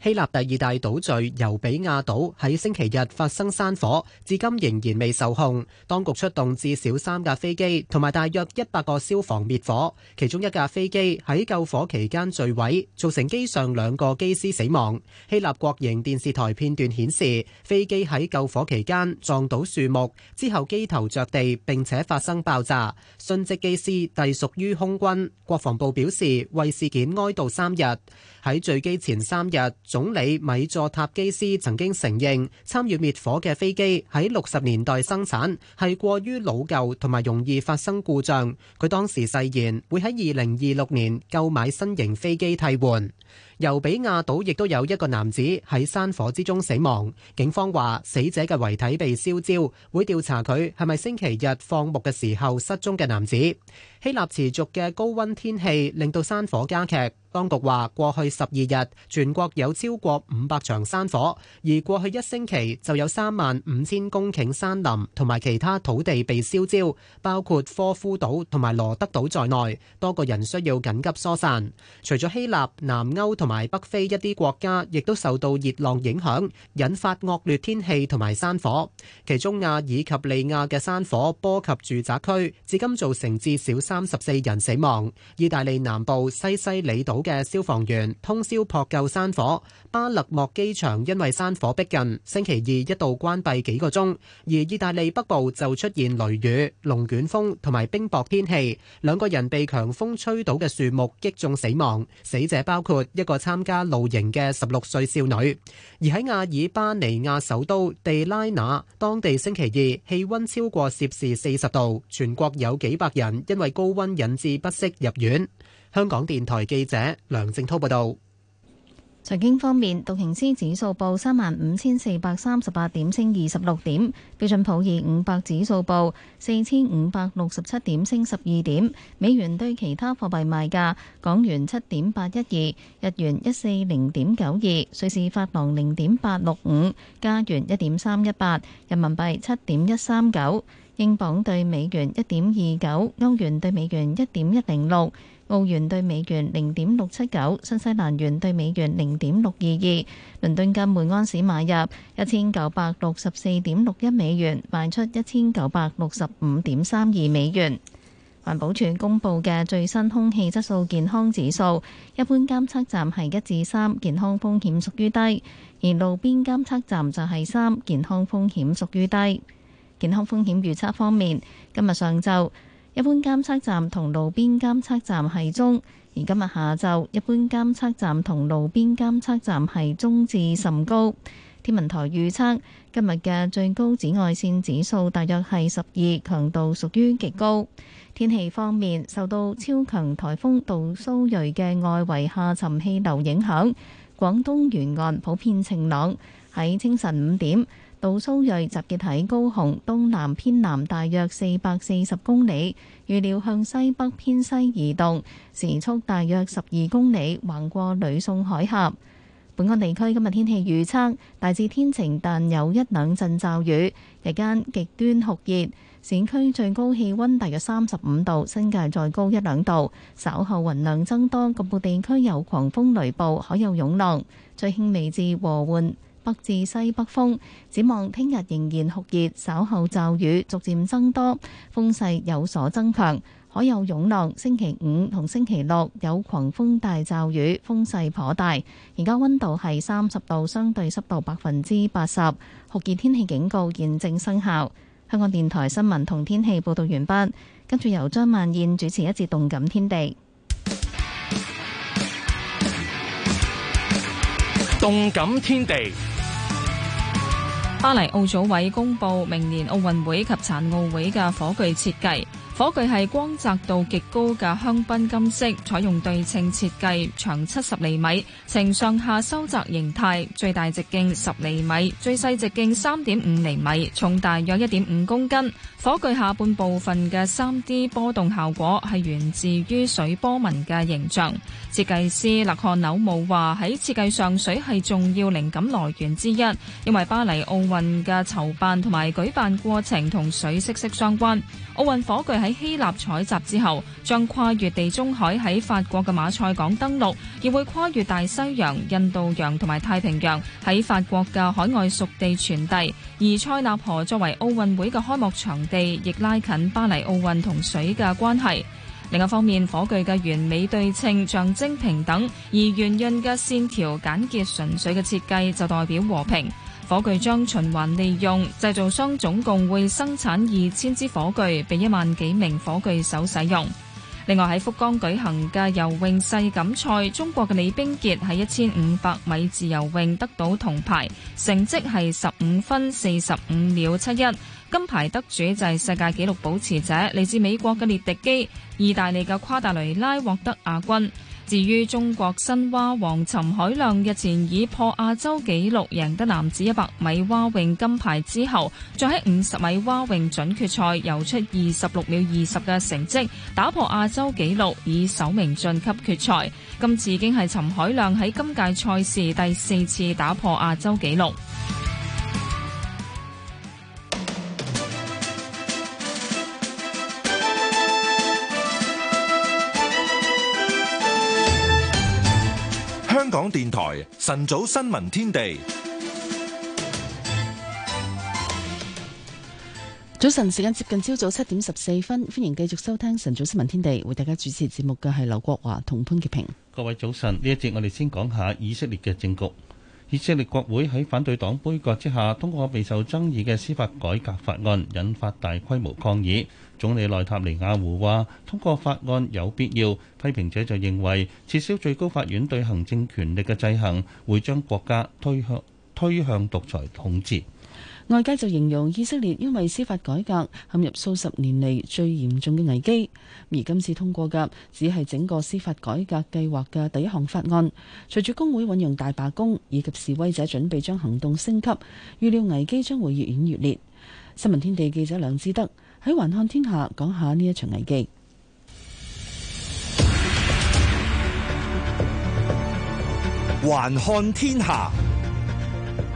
希臘第二大島嶼尤比亞島喺星期日發生山火，至今仍然未受控。當局出動至少三架飛機同埋大約一百個消防滅火，其中一架飛機喺救火期間墜毀，造成機上兩個機師死亡。希臘國營電視台片段顯示，飛機喺救火期間撞到樹木，之後機頭着地並且發生爆炸。殉職機師隸屬於空軍，國防部表示為事件哀悼三日。喺墜機前三日。總理米佐塔基斯曾經承認，參與滅火嘅飛機喺六十年代生產，係過於老舊同埋容易發生故障。佢當時誓言會喺二零二六年購買新型飛機替換。尤比亞島亦都有一個男子喺山火之中死亡，警方話死者嘅遺體被燒焦，會調查佢係咪星期日放牧嘅時候失蹤嘅男子。希臘持續嘅高溫天氣令到山火加劇，當局話過去十二日全國有超過五百場山火，而過去一星期就有三萬五千公頃山林同埋其他土地被燒焦，包括科夫島同埋羅德島在內，多個人需要緊急疏散。除咗希臘，南歐同埋北非一啲國家亦都受到熱浪影響，引發惡劣天氣同埋山火，其中阿爾及利亞嘅山火波及住宅區，至今造成至少三十四人死亡。意大利南部西西里島嘅消防員通宵撲救山火。巴勒莫機場因為山火逼近，星期二一度關閉幾個鐘。而意大利北部就出現雷雨、龍捲風同埋冰雹天氣，兩個人被強風吹倒嘅樹木擊中死亡。死者包括一個參加露營嘅十六歲少女。而喺阿爾巴尼亞首都地拉那，當地星期二氣溫超過攝氏四十度，全國有幾百人因為高溫引致不適入院。香港電台記者梁正濤報道。財經方面，道瓊斯指數報三萬五千四百三十八點，升二十六點；標準普爾五百指數報四千五百六十七點，升十二點。美元對其他貨幣賣價：港元七點八一二，日元一四零點九二，瑞士法郎零點八六五，加元一點三一八，人民幣七點一三九。英鎊兌美元一點二九，歐元兌美元一點一零六，澳元兌美元零點六七九，新西蘭元兌美元零點六二二。倫敦金每安士買入一千九百六十四點六一美元，賣出一千九百六十五點三二美元。環保署公布嘅最新空氣質素健康指數，一般監測站係一至三，健康風險屬於低；而路邊監測站就係三，健康風險屬於低。健康風險預測方面，今日上晝一般監測站同路邊監測站係中，而今日下晝一般監測站同路邊監測站係中至甚高。天文台預測今日嘅最高紫外線指數大約係十二，強度屬於極高。天氣方面，受到超強颱風杜蘇芮嘅外圍下沉氣流影響，廣東沿岸普遍晴朗。喺清晨五點。杜蘇芮集結喺高雄東南偏南大約四百四十公里，預料向西北偏西移動，時速大約十二公里，橫過呂宋海峽。本港地區今日天氣預測大致天晴，但有一兩陣驟雨，日間極端酷熱，市區最高氣溫大約三十五度，新界再高一兩度。稍後雲量增多，局部地區有狂風雷暴，海有湧浪，最輕微至和緩。北至西北風，展望聽日仍然酷熱，稍後驟雨逐漸增多，風勢有所增強，可有湧浪。星期五同星期六有狂風大驟雨，風勢頗大。而家温度係三十度，相對濕度百分之八十，酷熱天氣警告現正生效。香港電台新聞同天氣報道完畢，跟住由張萬燕主持一節動感天地。動感天地。巴黎奧組委公布明年奧運會及殘奧會嘅火炬設計。火炬係光澤度極高嘅香檳金色，採用對稱設計，長七十厘米，呈上下收窄形態，最大直徑十厘米，最細直徑三點五厘米，重大約一點五公斤。火炬下半部分嘅三 D 波動效果係源自於水波紋嘅形象。設計師勒漢紐姆話：喺設計上，水係重要靈感來源之一，因為巴黎奧運嘅籌辦同埋舉辦過程同水息息相關。奧運火炬喺希臘採集之後，將跨越地中海喺法國嘅馬賽港登陸，亦會跨越大西洋、印度洋同埋太平洋喺法國嘅海外屬地傳遞。而塞納河作為奧運會嘅開幕場地亦拉近巴黎奧運同水嘅關係。另一方面，火炬嘅完美對稱象徵平等，而圓潤嘅線條簡潔純粹嘅設計就代表和平。火炬將循環利用，製造商總共會生產二千支火炬，俾一萬幾名火炬手使用。另外喺福岡舉行嘅游泳世錦賽，中國嘅李冰潔喺一千五百米自由泳得到銅牌，成績係十五分四十五秒七一。金牌得主就係世界紀錄保持者，嚟自美國嘅列迪基，意大利嘅夸達雷拉獲得亞軍。至於中國新蛙王陳海亮，日前以破亞洲紀錄贏得男子一百米蛙泳金牌之後，再喺五十米蛙泳準決賽游出二十六秒二十嘅成績，打破亞洲紀錄，以首名晉級決賽。今次已經係陳海亮喺今屆賽事第四次打破亞洲紀錄。香港電台晨早新聞天地，早晨時間接近朝早七點十四分，歡迎繼續收聽晨早新聞天地。為大家主持節目嘅係劉國華同潘潔平。各位早晨，呢一節我哋先講下以色列嘅政局。以色列國會喺反對黨杯葛之下，通過備受爭議嘅司法改革法案，引發大規模抗議。總理內塔尼亞胡話通過法案有必要，批評者就認為撤銷最高法院對行政權力嘅制衡，會將國家推向推向獨裁統治。外界就形容以色列因為司法改革陷入數十年嚟最嚴重嘅危機，而今次通過嘅只係整個司法改革計劃嘅第一項法案。隨住工會運用大罷工以及示威者準備將行動升級，預料危機將會越演越烈。新聞天地記者梁志德。喺《環看天下》講下呢一場危機。環看汗天下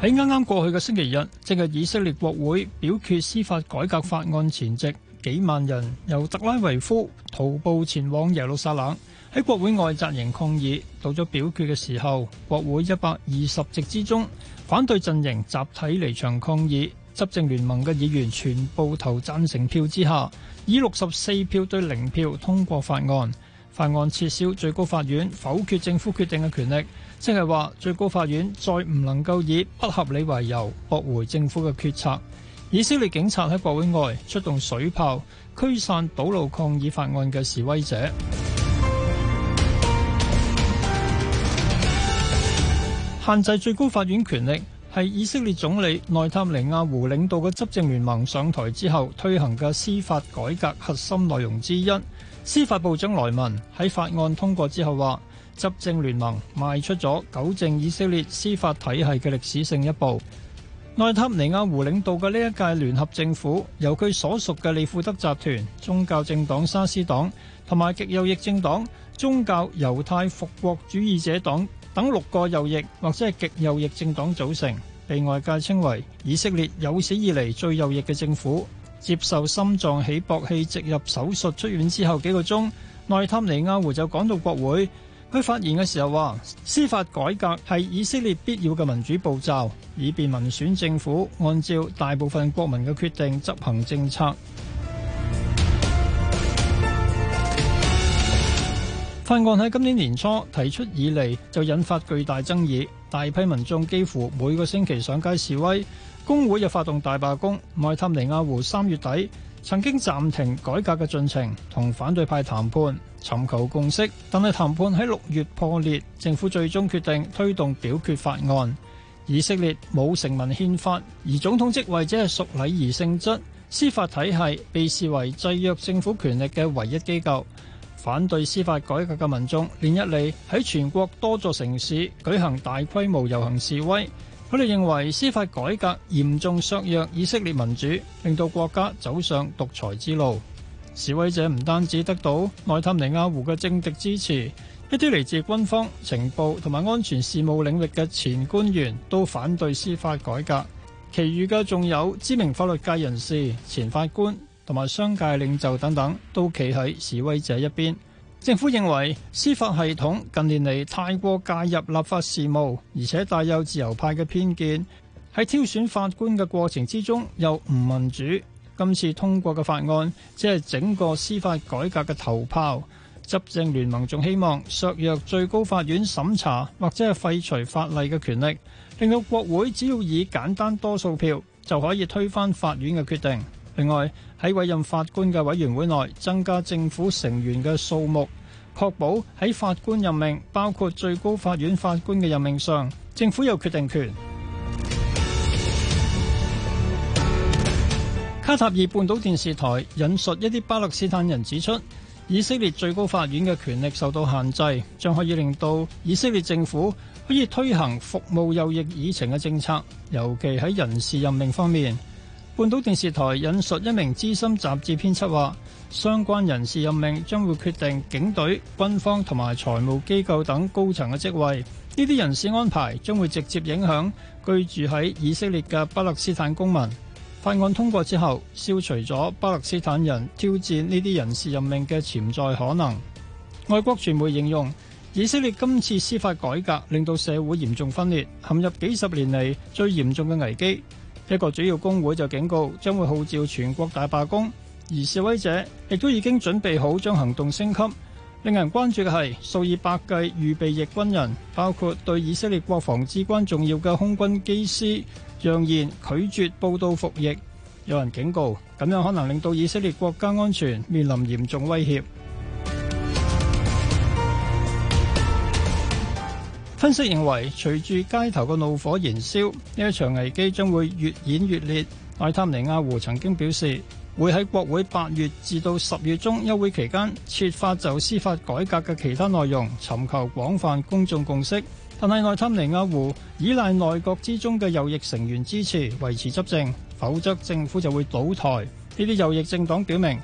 喺啱啱過去嘅星期日，正係以色列國會表決司法改革法案前夕，幾萬人由特拉維夫徒,徒步前往耶路撒冷，喺國會外紮營抗議。到咗表決嘅時候，國會一百二十席之中，反對陣營集體離場抗議。執政聯盟嘅議員全部投贊成票之下，以六十四票對零票通過法案。法案撤銷最高法院否決政府決定嘅權力，即係話最高法院再唔能夠以不合理為由駁回政府嘅決策。以色列警察喺國會外出動水炮驅散堵路抗議法案嘅示威者。限制最高法院權力係以色列總理內塔尼亞胡領導嘅執政聯盟上台之後推行嘅司法改革核心內容之一。司法部長萊文喺法案通過之後話：執政聯盟邁出咗糾正以色列司法體系嘅歷史性一步。內塔尼亞胡領導嘅呢一屆聯合政府由佢所屬嘅利庫德集團、宗教政黨沙斯黨同埋極右翼政黨、宗教猶太復國主義者黨。等六個右翼或者係極右翼政黨組成，被外界稱為以色列有史以嚟最右翼嘅政府。接受心臟起搏器植入手術出院之後幾個鐘，內塔尼亞胡就趕到國會。佢發言嘅時候話：司法改革係以色列必要嘅民主步驟，以便民選政府按照大部分國民嘅決定執行政策。法案喺今年年初提出以嚟就引發巨大爭議，大批民眾幾乎每個星期上街示威，工會又發動大罷工。內塔尼亞胡三月底曾經暫停改革嘅進程，同反對派談判尋求共識，但係談判喺六月破裂，政府最終決定推動表決法案。以色列冇成文憲法，而總統職位只係屬禮儀性質，司法體係被視為制約政府權力嘅唯一機構。反對司法改革嘅民眾連日嚟喺全國多座城市舉行大規模遊行示威，佢哋認為司法改革嚴重削弱以色列民主，令到國家走上獨裁之路。示威者唔單止得到內塔尼亞胡嘅政敵支持，一啲嚟自軍方、情報同埋安全事務領域嘅前官員都反對司法改革，其餘嘅仲有知名法律界人士、前法官。同埋商界領袖等等都企喺示威者一邊，政府認為司法系統近年嚟太過介入立法事務，而且帶有自由派嘅偏見，喺挑選法官嘅過程之中又唔民主。今次通過嘅法案只係整個司法改革嘅頭炮。執政聯盟仲希望削弱最高法院審查或者係廢除法例嘅權力，令到國會只要以簡單多數票就可以推翻法院嘅決定。另外，喺委任法官嘅委員會內增加政府成員嘅數目，確保喺法官任命，包括最高法院法官嘅任命上，政府有決定權。卡塔爾半島電視台引述一啲巴勒斯坦人指出，以色列最高法院嘅權力受到限制，將可以令到以色列政府可以推行服務右翼議程嘅政策，尤其喺人事任命方面。半島電視台引述一名資深雜誌編輯話，相關人士任命將會決定警隊、軍方同埋財務機構等高層嘅職位。呢啲人事安排將會直接影響居住喺以色列嘅巴勒斯坦公民。法案通過之後，消除咗巴勒斯坦人挑戰呢啲人事任命嘅潛在可能。外國傳媒形容以色列今次司法改革令到社會嚴重分裂，陷入幾十年嚟最嚴重嘅危機。一個主要工會就警告，將會號召全國大罷工，而示威者亦都已經準備好將行動升級。令人關注嘅係數以百計預備役軍人，包括對以色列國防至關重要的空軍機師，揚言拒絕報到服役。有人警告咁樣可能令到以色列國家安全面臨嚴重威脅。分析認為，隨住街頭嘅怒火燃燒，呢場危機將會越演越烈。內塔尼亞胡曾經表示，會喺國會八月至到十月中休會期間設法就司法改革嘅其他內容尋求廣泛公眾共識。但係，內塔尼亞胡依賴內閣之中嘅右翼成員支持維持執政，否則政府就會倒台。呢啲右翼政黨表明，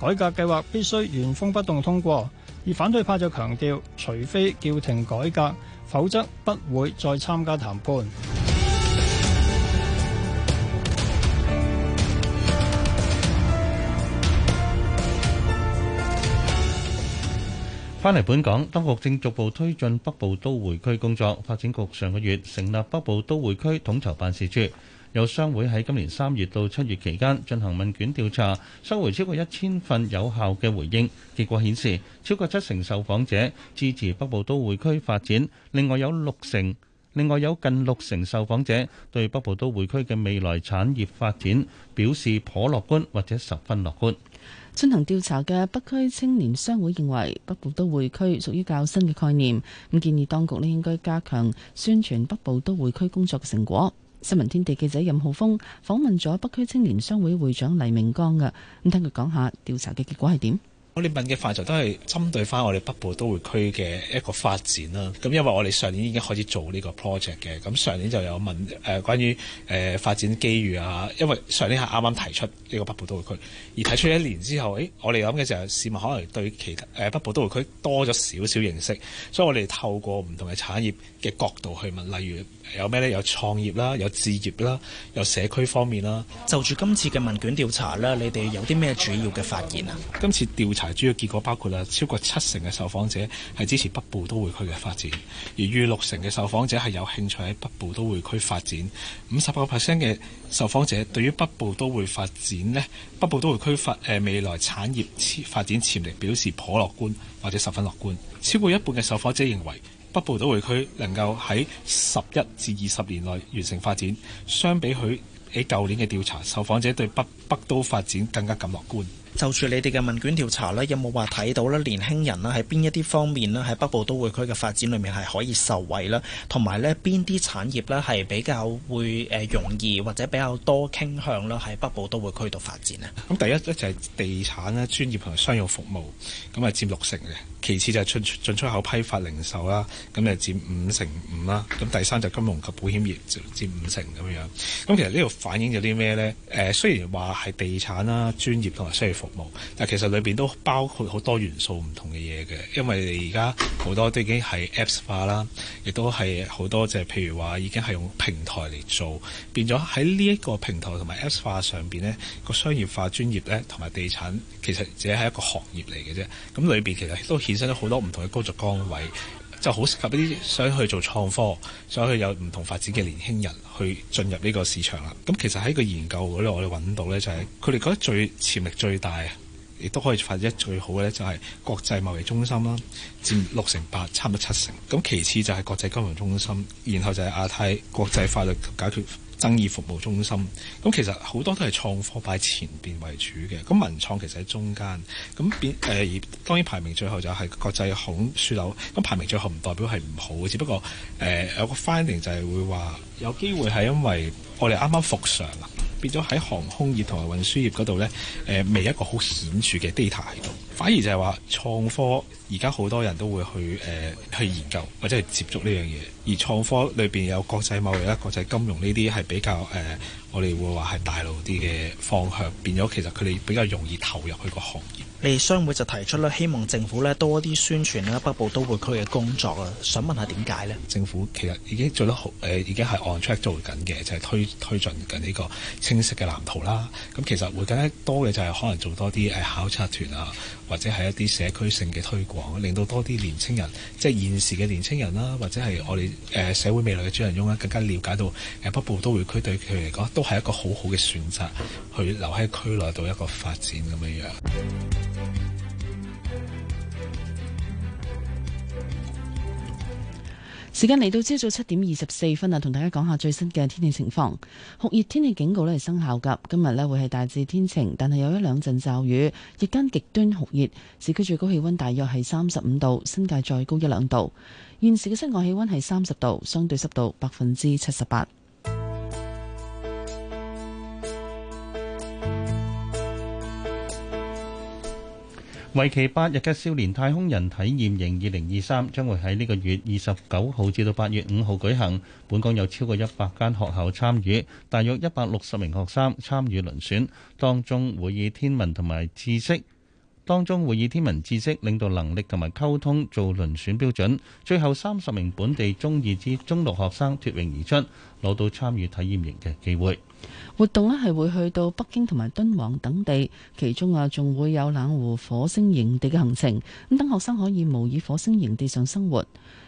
改革計劃必須原封不動通過，而反對派就強調，除非叫停改革，否則不會再參加談判。返嚟本港，當局正逐步推進北部都會區工作。發展局上個月成立北部都會區統籌辦事處。有商會喺今年三月到七月期間進行問卷調查，收回超過一千份有效嘅回應。結果顯示，超過七成受訪者支持北部都會區發展，另外有六成，另外有近六成受訪者對北部都會區嘅未來產業發展表示頗樂觀或者十分樂觀。進行調查嘅北區青年商會認為，北部都會區屬於較新嘅概念，咁建議當局呢應該加強宣傳北部都會區工作嘅成果。新聞天地記者任浩峰訪問咗北區青年商會會長黎明江嘅，咁聽佢講下調查嘅結果係點？我哋問嘅範疇都係針對翻我哋北部都會區嘅一個發展啦。咁因為我哋上年已經開始做呢個 project 嘅，咁上年就有問誒、呃、關於誒、呃、發展機遇啊。因為上年係啱啱提出呢個北部都會區，而提出一年之後，誒我哋諗嘅就係市民可能對其他誒、呃、北部都會區多咗少少認識，所以我哋透過唔同嘅產業。嘅角度去問，例如有咩咧？有創業啦，有置業啦，有社區方面啦。就住今次嘅問卷調查啦，你哋有啲咩主要嘅發現啊？今次調查主要結果包括啦，超過七成嘅受訪者係支持北部都會區嘅發展，而逾六成嘅受訪者係有興趣喺北部都會區發展。五十八個 percent 嘅受訪者對於北部都會發展咧，北部都會區發誒未來產業發展潛力表示頗樂觀或者十分樂觀，超過一半嘅受訪者認為。北部都會區能夠喺十一至二十年內完成發展，相比佢喺舊年嘅調查，受訪者對北北都發展更加感樂觀。就住你哋嘅問卷調查呢，有冇話睇到呢？年輕人咧喺邊一啲方面呢？喺北部都會區嘅發展裏面係可以受惠啦。同埋呢邊啲產業呢，係比較會誒容易或者比較多傾向啦。喺北部都會區度發展呢，咁第一咧就係、是、地產咧，專業同埋商用服務咁啊佔六成嘅；其次就係進進出口批發零售啦，咁啊佔五成五啦；咁第三就金融及保險業佔五成咁樣。咁其實呢度反映咗啲咩呢？誒、呃、雖然話係地產啦、專業同埋商業，但其實裏邊都包括好多元素唔同嘅嘢嘅，因為而家好多都已經係 Apps 化啦，亦都係好多即係譬如話已經係用平台嚟做，變咗喺呢一個平台同埋 Apps 化上邊呢個商業化專業呢同埋地產其實只係一個行業嚟嘅啫，咁裏邊其實都衍生咗好多唔同嘅工作崗位。就好適合啲想去做創科，想去有唔同發展嘅年輕人去進入呢個市場啦。咁其實喺個研究嗰度，我哋揾到呢、就係，就係佢哋覺得最潛力最大，亦都可以發展得最好嘅呢，就係國際貿易中心啦，佔六成八，差唔多七成。咁其次就係國際金融中心，然後就係亞太國際法律解決爭議服務中心，咁其實好多都係創科擺喺前邊為主嘅，咁文創其實喺中間，咁變誒、呃、當然排名最後就係國際孔書樓，咁排名最後唔代表係唔好嘅，只不過誒、呃、有個 finding 就係會話有機會係因為我哋啱啱復常啦。變咗喺航空業同埋運輸業嗰度呢，誒、呃、未一個好顯著嘅 data 喺度，反而就係話創科而家好多人都會去誒、呃、去研究或者係接觸呢樣嘢，而創科裏邊有國際貿易啦、國際金融呢啲係比較誒、呃我哋會話係大路啲嘅方向，變咗其實佢哋比較容易投入去個行業。你商會就提出啦，希望政府咧多啲宣傳咧北部都會區嘅工作啊。想問下點解呢？政府其實已經做得好，誒、呃、已經係 on track 做緊嘅，就係、是、推推進緊呢個清晰嘅藍圖啦。咁、啊、其實會更加多嘅就係可能做多啲誒考察團啊，或者係一啲社區性嘅推廣，令到多啲年青人，即、就、係、是、現時嘅年青人啦，或者係我哋誒社會未來嘅主人翁啊，更加了解到誒北部都會區對佢嚟講係一個好好嘅選擇，去留喺區內度一個發展咁樣樣。時間嚟到朝早七點二十四分啊，同大家講下最新嘅天氣情況。酷熱天氣警告咧係生效噶，今日咧會係大致天晴，但係有一兩陣驟雨，日間極端酷熱，市區最高氣溫大約係三十五度，新界再高一兩度。現時嘅室外氣溫係三十度，相對濕度百分之七十八。為期八日嘅少年太空人體驗營二零二三將會喺呢個月二十九號至到八月五號舉行。本港有超過一百間學校參與，大約一百六十名學生參與遴選，當中會以天文同埋知識，當中會以天文知識、領導能力同埋溝通做遴選標準。最後三十名本地中二至中六學生脫穎而出，攞到參與體驗營嘅機會。活動咧係會去到北京同埋敦煌等地，其中啊仲會有冷湖火星營地嘅行程，咁等學生可以模擬火星營地上生活。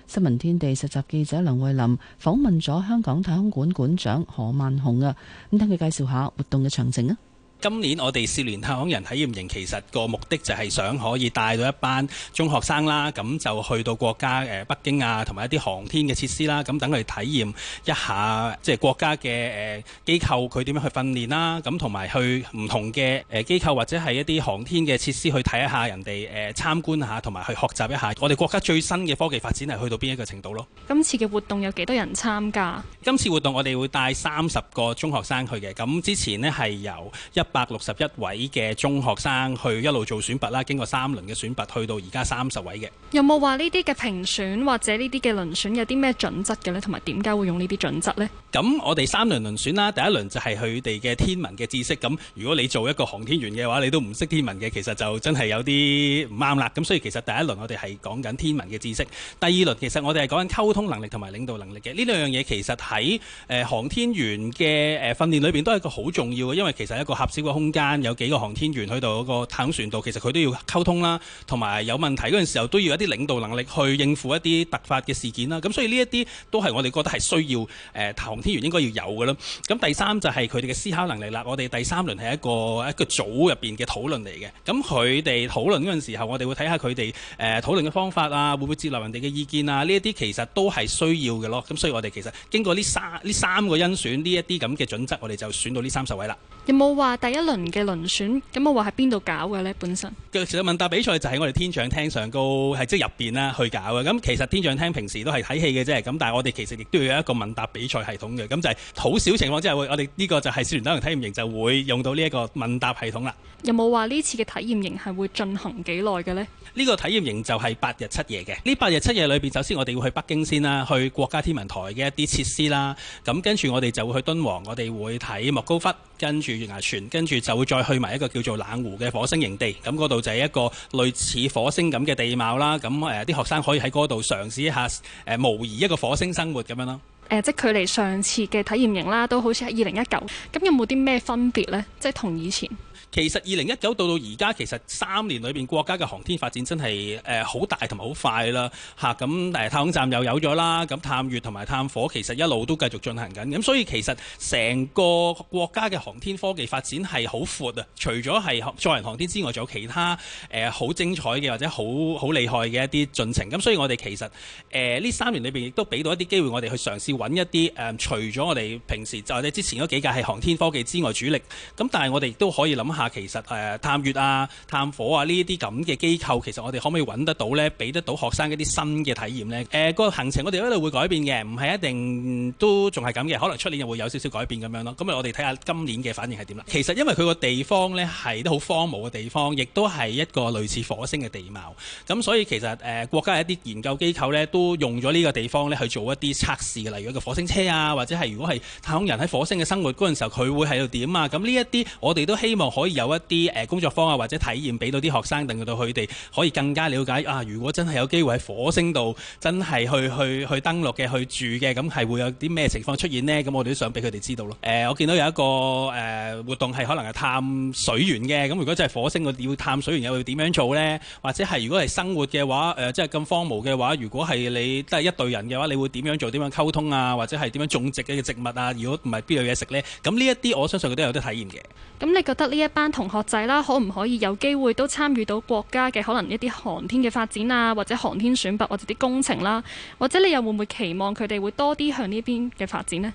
新聞天地實習記者梁慧琳訪問咗香港太空館館長何萬雄啊，咁等佢介紹下活動嘅詳情啊。今年我哋少年太空人體驗營其實個目的就係想可以帶到一班中學生啦，咁就去到國家誒、呃、北京啊，同埋一啲航天嘅設施啦，咁等佢哋體驗一下即係國家嘅誒機構佢點樣去訓練啦，咁同埋去唔同嘅誒機構或者係一啲航天嘅設施去睇一下人哋誒參觀下，同埋去學習一下我哋國家最新嘅科技發展係去到邊一個程度咯。今次嘅活動有幾多人參加？今次活動我哋會帶三十個中學生去嘅，咁之前呢，係由入一百六十一位嘅中學生去一路做選拔啦，經過三輪嘅選拔，去到而家三十位嘅。有冇話呢啲嘅評選或者呢啲嘅輪選有啲咩準則嘅呢？同埋點解會用呢啲準則呢？咁、嗯、我哋三輪輪選啦，第一輪就係佢哋嘅天文嘅知識。咁、嗯、如果你做一個航天員嘅話，你都唔識天文嘅，其實就真係有啲唔啱啦。咁、嗯、所以其實第一輪我哋係講緊天文嘅知識，第二輪其實我哋係講緊溝通能力同埋領導能力嘅。呢兩樣嘢其實喺誒、呃、航天員嘅誒、呃、訓練裏邊都係一個好重要嘅，因為其實一個合。少個空間，有幾個航天員去到嗰個太空船度，其實佢都要溝通啦，同埋有，有問題嗰陣時候都要一啲領導能力去應付一啲突發嘅事件啦。咁所以呢一啲都係我哋覺得係需要誒、呃、航天員應該要有嘅咯。咁第三就係佢哋嘅思考能力啦。我哋第三輪係一個一個組入邊嘅討論嚟嘅。咁佢哋討論嗰陣時候，我哋會睇下佢哋誒討論嘅方法啊，會唔會接納人哋嘅意見啊？呢一啲其實都係需要嘅咯。咁所以我哋其實經過呢三呢三個甄選呢一啲咁嘅準則，我哋就選到呢三十位啦。有冇話第一輪嘅輪選，咁我話係邊度搞嘅呢？本身其實問答比賽就喺我哋天象廳上高係即入邊啦去搞嘅。咁其實天象廳平時都係睇戲嘅啫。咁但係我哋其實亦都要有一個問答比賽系統嘅。咁就係好少情況之下，我哋呢個就係少年動嘅體驗營就會用到呢一個問答系統啦。有冇話呢次嘅體驗營係會進行幾耐嘅呢？呢個體驗營就係八日七夜嘅。呢八日七夜裏邊，首先我哋會去北京先啦，去國家天文台嘅一啲設施啦。咁跟住我哋就會去敦煌，我哋會睇莫高窟。跟住月牙泉，跟住就會再去埋一個叫做冷湖嘅火星營地，咁嗰度就係一個類似火星咁嘅地貌啦。咁誒，啲學生可以喺嗰度嘗試一下誒模擬一個火星生活咁樣咯。呃，即係距離上次嘅體驗營啦，都好似係二零一九。咁有冇啲咩分別呢？即係同以前。其實二零一九到到而家，其實三年裏邊國家嘅航天發展真係誒好大同埋好快啦嚇！咁、啊、誒太空站又有咗啦，咁、啊、探月同埋探火其實一路都繼續進行緊。咁、啊、所以其實成個國家嘅航天科技發展係好闊啊！除咗係載人航天之外，仲有其他誒好、呃、精彩嘅或者好好厲害嘅一啲進程。咁、啊、所以我哋其實誒呢三年裏邊亦都俾到一啲機會我哋去嘗試揾一啲誒、啊、除咗我哋平時或者之前嗰幾屆係航天科技之外主力，咁、啊、但係我哋亦都可以諗下。其實誒、呃、探月啊、探火啊呢一啲咁嘅機構，其實我哋可唔可以揾得到呢？俾得到學生一啲新嘅體驗呢？誒、呃、個行程我哋一路會改變嘅，唔係一定都仲係咁嘅。可能出年又會有少少改變咁樣咯。咁啊，我哋睇下今年嘅反應係點啦。其實因為佢個地方呢，係都好荒蕪嘅地方，亦都係一個類似火星嘅地貌。咁所以其實誒、呃、國家一啲研究機構呢，都用咗呢個地方呢去做一啲測試，例如一個火星車啊，或者係如果係太空人喺火星嘅生活嗰陣時候，佢會喺度點啊？咁呢一啲我哋都希望可。可以有一啲誒工作坊啊，或者體驗俾到啲學生，令到佢哋可以更加了解啊！如果真係有機會喺火星度，真係去去去登陸嘅、去住嘅，咁係會有啲咩情況出現咧？咁我哋都想俾佢哋知道咯。誒、呃，我見到有一個誒、呃、活動，係可能係探水源嘅。咁如果真係火星個要探水源，又會點樣做咧？或者係如果係生活嘅話，誒、呃，即係咁荒蕪嘅話，如果係你都係一隊人嘅話，你會點樣做？點樣溝通啊？或者係點樣種植嘅植物啊？如果唔係邊度嘢食咧？咁呢一啲我相信佢都有啲體驗嘅。咁你覺得呢一？班同學仔啦，可唔可以有機會都參與到國家嘅可能一啲航天嘅發展啊，或者航天選拔，或者啲工程啦、啊，或者你又會唔會期望佢哋會多啲向呢邊嘅發展呢？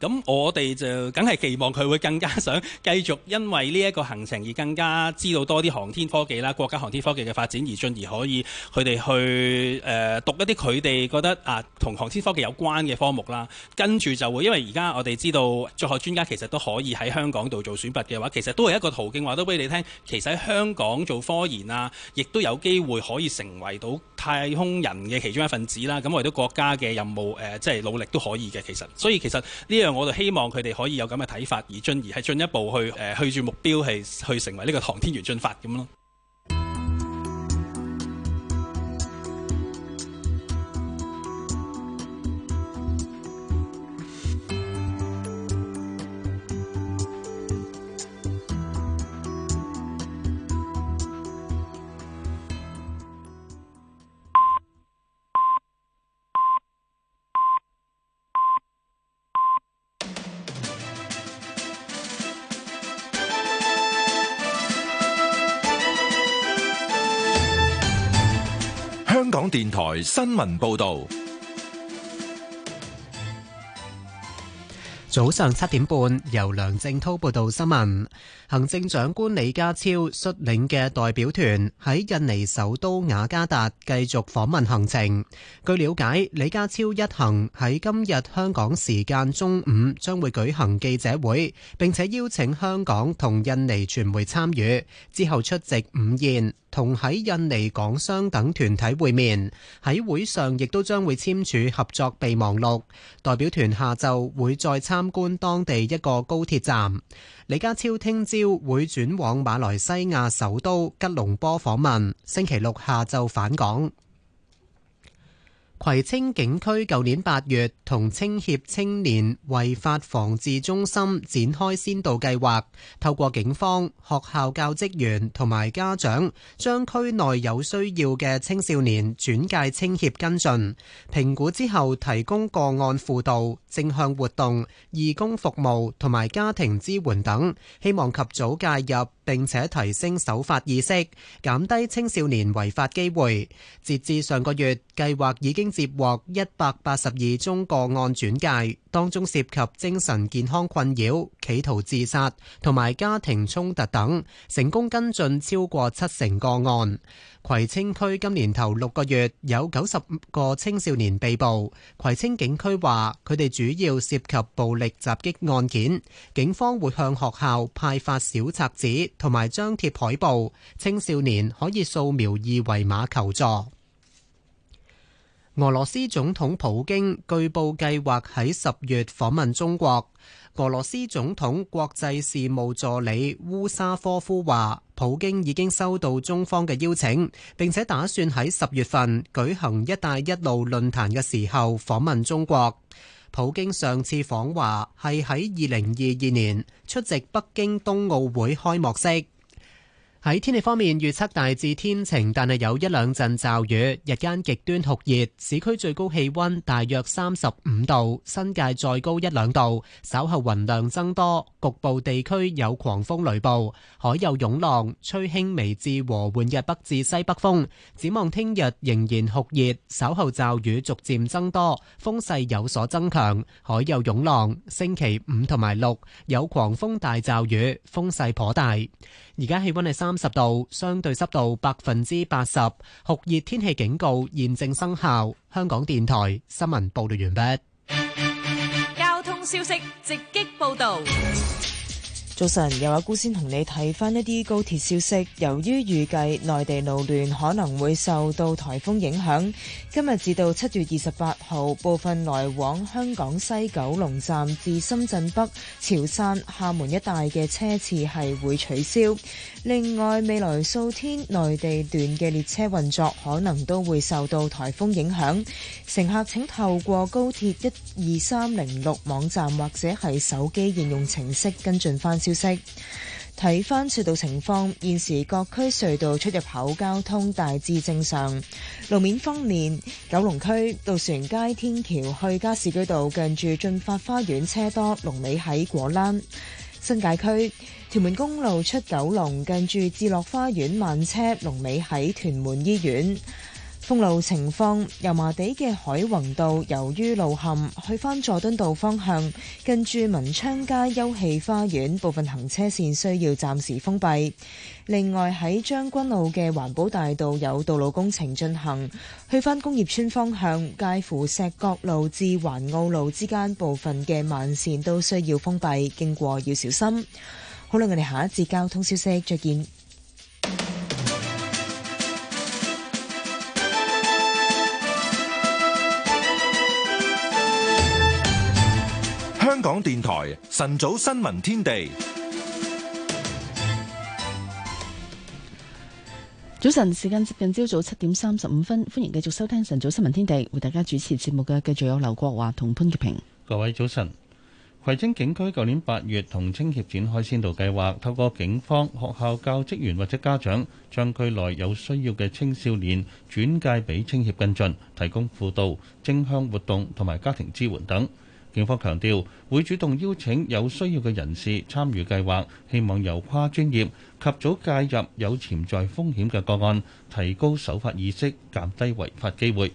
咁我哋就梗係期望佢會更加想繼續，因為呢一個行程而更加知道多啲航天科技啦，國家航天科技嘅發展而進而可以佢哋去誒、呃、讀一啲佢哋覺得啊同航天科技有關嘅科目啦。跟住就會因為而家我哋知道載荷專家其實都可以喺香港度做選拔嘅話，其實都係一個途徑話得俾你聽，其實喺香港做科研啊，亦都有機會可以成為到太空人嘅其中一份子啦，咁為咗國家嘅任務誒，即係努力都可以嘅。其實所以其實呢樣我就希望佢哋可以有咁嘅睇法而，而進而係進一步去誒、呃、去住目標係去，去成為呢個航天員進發咁咯。電台新聞報道。早上七點半，由梁正滔報道新聞。行政長官李家超率領嘅代表團喺印尼首都雅加達繼續訪問行程。據了解，李家超一行喺今日香港時間中午將會舉行記者會，並且邀請香港同印尼傳媒參與。之後出席午宴，同喺印尼港商等團體會面。喺會上亦都將會簽署合作備忘錄。代表團下晝會再參。參觀當地一個高鐵站，李家超聽朝會轉往馬來西亞首都吉隆坡訪問，星期六下晝返港。葵青警區舊年八月同青協青年違法防治中心展開先導計劃，透過警方、學校教職員同埋家長，將區內有需要嘅青少年轉介青協跟進，評估之後，提供個案輔導、正向活動、義工服務同埋家庭支援等，希望及早介入。並且提升守法意識，減低青少年違法機會。截至上個月，計劃已經接獲一百八十二宗個案轉介，當中涉及精神健康困擾、企圖自殺同埋家庭衝突等，成功跟進超過七成個案。葵青區今年頭六個月有九十個青少年被捕。葵青警區話，佢哋主要涉及暴力襲擊案件。警方會向學校派發小冊子同埋張貼海報，青少年可以掃描二維碼求助。俄羅斯總統普京據報計劃喺十月訪問中國。俄羅斯總統國際事務助理烏沙科夫話，普京已經收到中方嘅邀請，並且打算喺十月份舉行“一帶一路”論壇嘅時候訪問中國。普京上次訪華係喺二零二二年出席北京冬奧會開幕式。喺天氣方面，預測大致天晴，但係有一兩陣驟雨。日間極端酷熱，市區最高氣溫大約三十五度，新界再高一兩度。稍後雲量增多，局部地區有狂風雷暴，海有湧浪，吹輕微至和緩嘅北至西北風。展望聽日仍然酷熱，稍後驟雨逐漸增多，風勢有所增強，海有湧浪。星期五同埋六有狂風大驟雨，風勢頗大。而家氣溫係三十度，相對濕度百分之八十，酷熱天氣警告現正生效。香港電台新聞報道完畢。交通消息直擊報道。早晨，又有阿姑先同你睇翻一啲高鐵消息。由於預計內地路段可能會受到台風影響，今日至到七月二十八號，部分來往香港西九龍站至深圳北、潮汕、廈門一帶嘅車次係會取消。另外，未來數天內地段嘅列車運作可能都會受到台風影響，乘客請透過高鐵一二三零六網站或者係手機應用程式跟進翻先。消息，睇返隧道情況，現時各區隧道出入口交通大致正常。路面方面，九龍區渡船街天橋去加士居道近住駿發花園車多，龍尾喺果欄；新界區屯門公路出九龍近住智樂花園慢車，龍尾喺屯門醫院。封路情況，油麻地嘅海泓道由於路陷，去翻佐敦道方向；跟住文昌街休憩花園部分行車線需要暫時封閉。另外喺將軍澳嘅環保大道有道路工程進行，去翻工業村方向介乎石角路至環澳路之間部分嘅慢線都需要封閉，經過要小心。好啦，我哋下一節交通消息再見。港電台晨早新聞天地，早晨，時間接近朝早七點三十五分，歡迎繼續收聽晨早新聞天地，為大家主持節目嘅繼續有劉國華同潘潔平。各位早晨，葵青警區舊年八月同青協展開先導計劃，透過警方學校教職員或者家長，將區內有需要嘅青少年轉介俾青協跟進，提供輔導、正向活動同埋家庭支援等。警方強調，會主動邀請有需要嘅人士參與計劃，希望由跨專業及早介入有潛在風險嘅個案，提高守法意識，減低違法機會。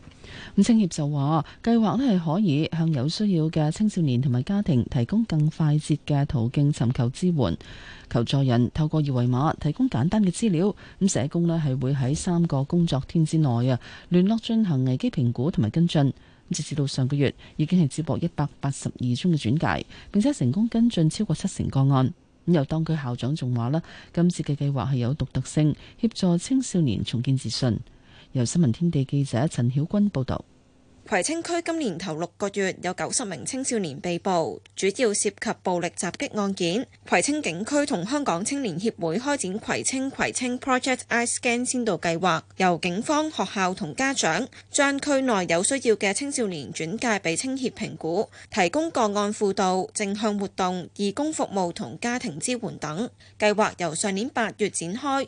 咁青協就話，計劃呢係可以向有需要嘅青少年同埋家庭提供更快捷嘅途徑尋求支援。求助人透過二維碼提供簡單嘅資料，咁社工呢係會喺三個工作天之內啊聯絡進行危機評估同埋跟進。截至到上個月，已經係接駁一百八十二宗嘅轉介，並且成功跟進超過七成個案。咁由當區校長仲話啦，今次嘅計劃係有獨特性，協助青少年重建自信。由新聞天地記者陳曉君報導。葵青區今年頭六個月有九十名青少年被捕，主要涉及暴力襲擊案件。葵青警區同香港青年協會開展葵青葵青 Project I-Scan 先導計劃，由警方、學校同家長將區內有需要嘅青少年轉介俾青協評估，提供個案輔導、正向活動、義工服務同家庭支援等。計劃由上年八月展開。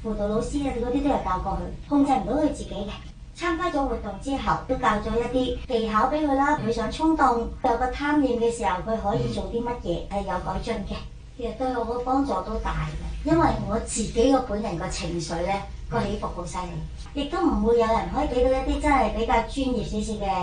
輔導老師啊，佢嗰啲都有教過佢，控制唔到佢自己嘅。參加咗活動之後，都教咗一啲技巧俾佢啦。佢想衝動，有個貪念嘅時候，佢可以做啲乜嘢，係有改進嘅。其實對我嘅幫助都大嘅，因為我自己個本人個情緒咧，個起伏好犀利，亦都唔會有人可以俾到一啲真係比較專業少少嘅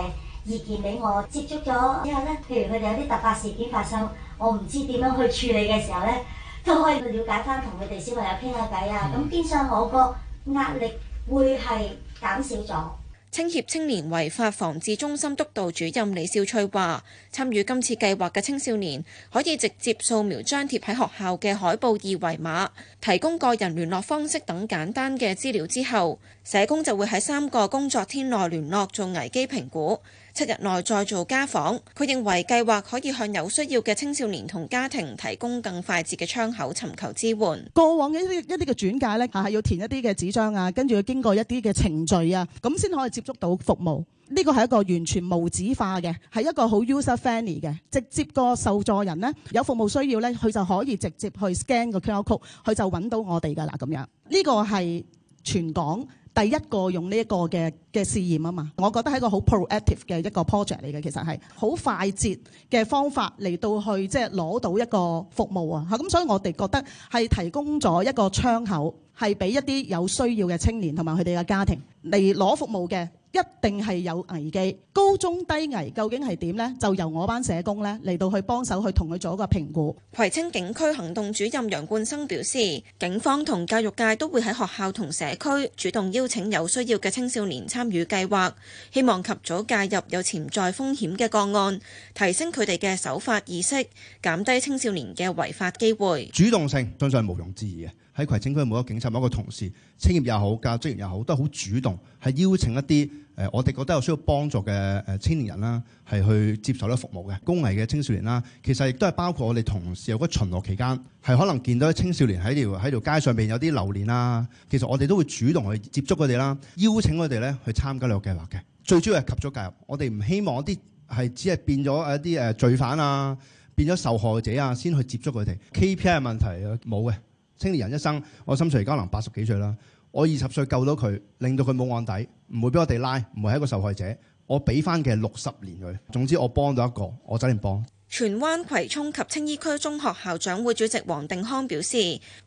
意見俾我。接觸咗之後咧，譬如佢哋有啲突發事件發生，我唔知點樣去處理嘅時候咧。都可以了解翻同佢哋小朋友傾下偈啊！咁變相我個壓力會係減少咗。青協青年違法防治中心督導主任李少翠話，參與今次計劃嘅青少年可以直接掃描張貼喺學校嘅海報二維碼，提供個人聯絡方式等簡單嘅資料之後，社工就會喺三個工作天內聯絡做危機評估。七日內再做家訪。佢認為計劃可以向有需要嘅青少年同家庭提供更快捷嘅窗口，尋求支援。過往嘅一啲一啲嘅轉介咧嚇，係要填一啲嘅紙張啊，跟住要經過一啲嘅程序啊，咁先可以接觸到服務。呢個係一個完全無紙化嘅，係一個好 user friendly 嘅，直接個受助人咧有服務需要咧，佢就可以直接去 scan 個 QR code，佢就揾到我哋噶啦。咁樣呢個係全港。第一個用呢一個嘅嘅試驗啊嘛，我覺得係一個好 proactive 嘅一個 project 嚟嘅，其實係好快捷嘅方法嚟到去即係攞到一個服務啊，咁所以我哋覺得係提供咗一個窗口，係俾一啲有需要嘅青年同埋佢哋嘅家庭嚟攞服務嘅。一定係有危機，高中低危究竟係點呢？就由我班社工呢嚟到去幫手去同佢做一個評估。葵青警區行動主任楊冠生表示，警方同教育界都會喺學校同社區主動邀請有需要嘅青少年參與計劃，希望及早介入有潛在風險嘅個案，提升佢哋嘅守法意識，減低青少年嘅違法機會。主動性相信無庸置疑嘅。喺葵青區，每一個警察、每一個同事，青業又好、教職員又好，都係好主動，係邀請一啲誒、呃，我哋覺得有需要幫助嘅誒青年人啦，係去接受呢服務嘅工藝嘅青少年啦。其實亦都係包括我哋同事有個巡邏期間，係可能見到啲青少年喺條喺條街上邊有啲流連啊。其實我哋都會主動去接觸佢哋啦，邀請佢哋咧去參加呢個計劃嘅。最主要係及早介入，我哋唔希望一啲係只係變咗一啲誒罪犯啊，變咗受害者啊，先去接觸佢哋。K P I 問題啊，冇嘅。青年人一生，我心存而家可能八十幾歲啦。我二十歲救到佢，令到佢冇案底，唔會俾我哋拉，唔會係一個受害者。我俾翻嘅六十年佢。總之，我幫到一個，我真係幫。荃灣葵涌及青衣區中學校長會主席黃定康表示，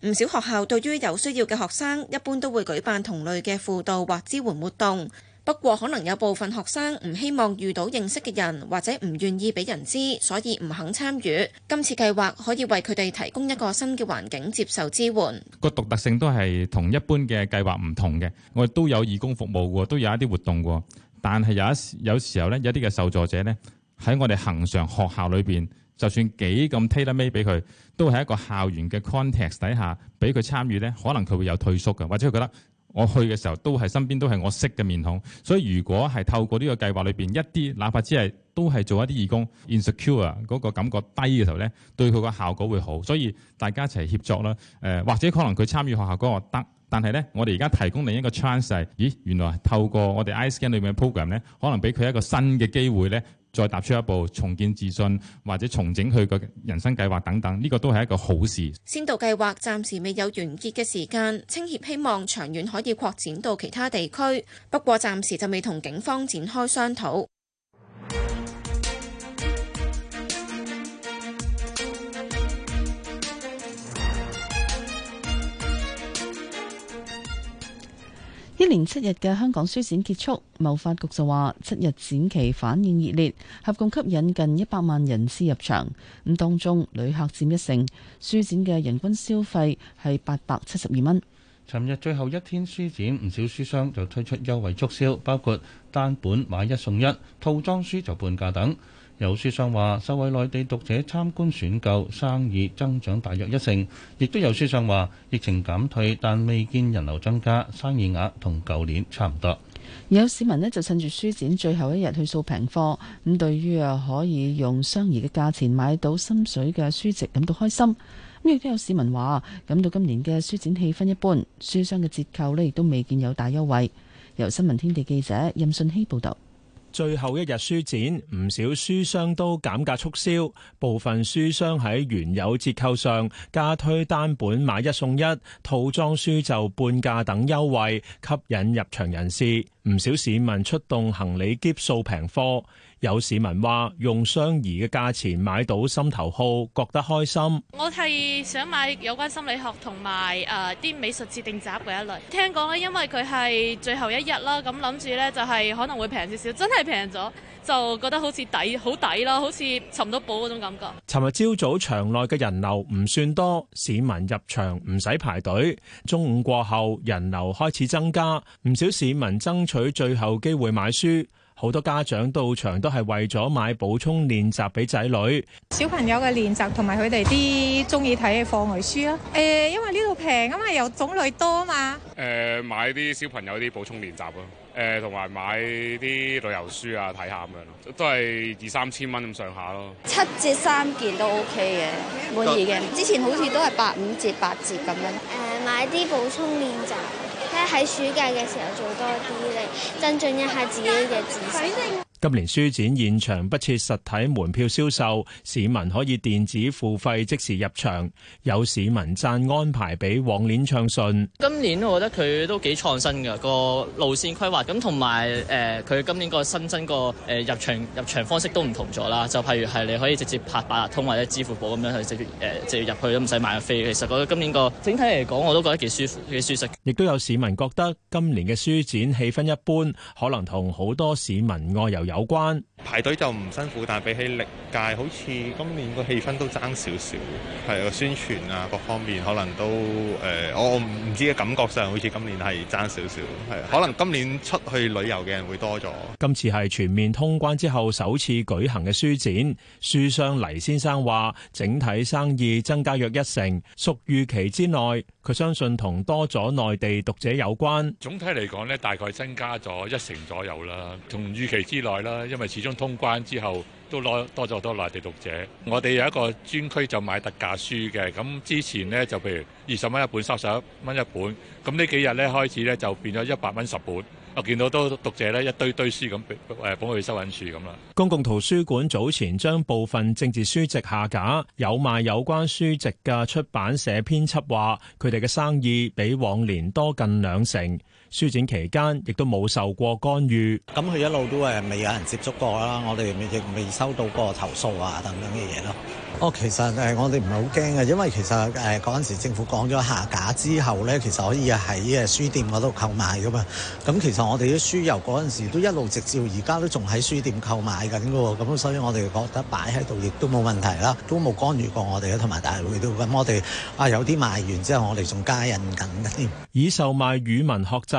唔少學校對於有需要嘅學生，一般都會舉辦同類嘅輔導或支援活動。不過，可能有部分學生唔希望遇到認識嘅人，或者唔願意俾人知，所以唔肯參與。今次計劃可以為佢哋提供一個新嘅環境，接受支援。個獨特性都係同一般嘅計劃唔同嘅。我哋都有義工服務喎，都有一啲活動喎。但係有一有時候咧，有一啲嘅受助者咧，喺我哋恆常學校裏邊，就算幾咁 tailor-made 俾佢，都係一個校園嘅 context 底下俾佢參與咧，可能佢會有退縮嘅，或者佢覺得。我去嘅時候都係身邊都係我識嘅面孔，所以如果係透過呢個計劃裏邊一啲，哪怕只係都係做一啲義工，insecure 嗰個感覺低嘅時候咧，對佢個效果會好，所以大家一齊協作啦。誒、呃，或者可能佢參與學校嗰個得，但係咧，我哋而家提供另一個 chance 係，咦，原來透過我哋 iScan 裏面嘅 program 咧，可能俾佢一個新嘅機會咧。再踏出一步，重建自信或者重整佢嘅人生計劃等等，呢、這個都係一個好事。先導計劃暫時未有完結嘅時間，青協希望長遠可以擴展到其他地區，不過暫時就未同警方展開商討。一連七日嘅香港書展結束，貿發局就話七日展期反應熱烈，合共吸引近一百萬人次入場，咁當中旅客佔一成。書展嘅人均消費係八百七十二蚊。尋日最後一天書展，唔少書商就推出優惠促銷，包括單本買一送一，套裝書就半價等。有書商話受惠內地讀者參觀選購，生意增長大約一成，亦都有書商話疫情減退但未見人流增加，生意額同舊年差唔多。有市民呢就趁住書展最後一日去掃平貨，咁對於啊可以用相宜嘅價錢買到心水嘅書籍感到開心。咁亦都有市民話感到今年嘅書展氣氛一般，書商嘅折扣呢亦都未見有大優惠。由新聞天地記者任信希報導。最後一日書展，唔少書商都減價促銷，部分書商喺原有折扣上加推單本買一送一、套裝書就半價等優惠，吸引入場人士。唔少市民出動行李篋掃平貨。有市民話用相宜嘅價錢買到心頭好，覺得開心。我係想買有關心理學同埋誒啲美術設定集嗰一類。聽講咧，因為佢係最後一日啦，咁諗住咧就係可能會平少少，真係平咗，就覺得好似抵好抵咯，好似尋到寶嗰種感覺。尋日朝早場內嘅人流唔算多，市民入場唔使排隊。中午過後人流開始增加，唔少市民爭取最後機會買書。好多家長到場都係為咗買補充練習俾仔女，小朋友嘅練習同埋佢哋啲中意睇嘅課外書啊。誒、呃，因為呢度平啊嘛，又種類多啊嘛。誒、呃，買啲小朋友啲補充練習咯，啊。誒同埋買啲旅遊書啊，睇下咁樣咯，都係二三千蚊咁上下咯。七折三件都 OK 嘅，滿意嘅。都之前好似都係八五折，八折咁樣。誒、呃，買啲補充練習，睇下喺暑假嘅時候做多啲，嚟增進一下自己嘅知識。呃今年書展現場不設實體門票銷售，市民可以電子付費即時入場。有市民讚安排比往年暢順。今年我覺得佢都幾創新㗎，個路線規劃咁同埋誒，佢、呃、今年個新增個誒入場入場方式都唔同咗啦。就譬如係你可以直接拍八達通或者支付寶咁樣去直接誒、呃、直接入去都唔使買個飛。其實我覺得今年個整體嚟講我都覺得幾舒服、幾舒適。亦都有市民覺得今年嘅書展氣氛一般，可能同好多市民愛遊。有關。排隊就唔辛苦，但比起歷屆，好似今年個氣氛都爭少少。係啊，宣傳啊，各方面可能都誒、呃，我唔知嘅感覺上，好似今年係爭少少。係可能今年出去旅遊嘅人會多咗。今次係全面通關之後首次舉行嘅書展，書商黎先生話，整體生意增加約一成，屬預期之內。佢相信同多咗內地讀者有關。總體嚟講呢，大概增加咗一成左右啦，同預期之內啦，因為始終。通關之後，都攞多咗好多內地讀者。我哋有一個專區就買特價書嘅。咁之前呢，就譬如二十蚊一本，三十一蚊一本。咁呢幾日咧開始，咧就變咗一百蚊十本。我見到多讀者咧，一堆堆書咁，誒幫佢收銀處咁啦。公共圖書館早前將部分政治書籍下架，有賣有關書籍嘅出版社編輯話，佢哋嘅生意比往年多近兩成。書展期間亦都冇受過干預，咁佢一路都誒未有人接觸過啦，我哋亦未收到過投訴啊等等嘅嘢咯。哦，其實誒我哋唔係好驚嘅，因為其實誒嗰陣時政府講咗下架之後咧，其實可以喺誒書店嗰度購買噶嘛。咁其實我哋啲書由嗰陣時都一路直至，而家都仲喺書店購買緊㗎喎。咁所以我哋覺得擺喺度亦都冇問題啦，都冇干預過我哋，同埋大會都咁。我哋啊有啲賣完之後，我哋仲加印緊添。以售賣語文學習。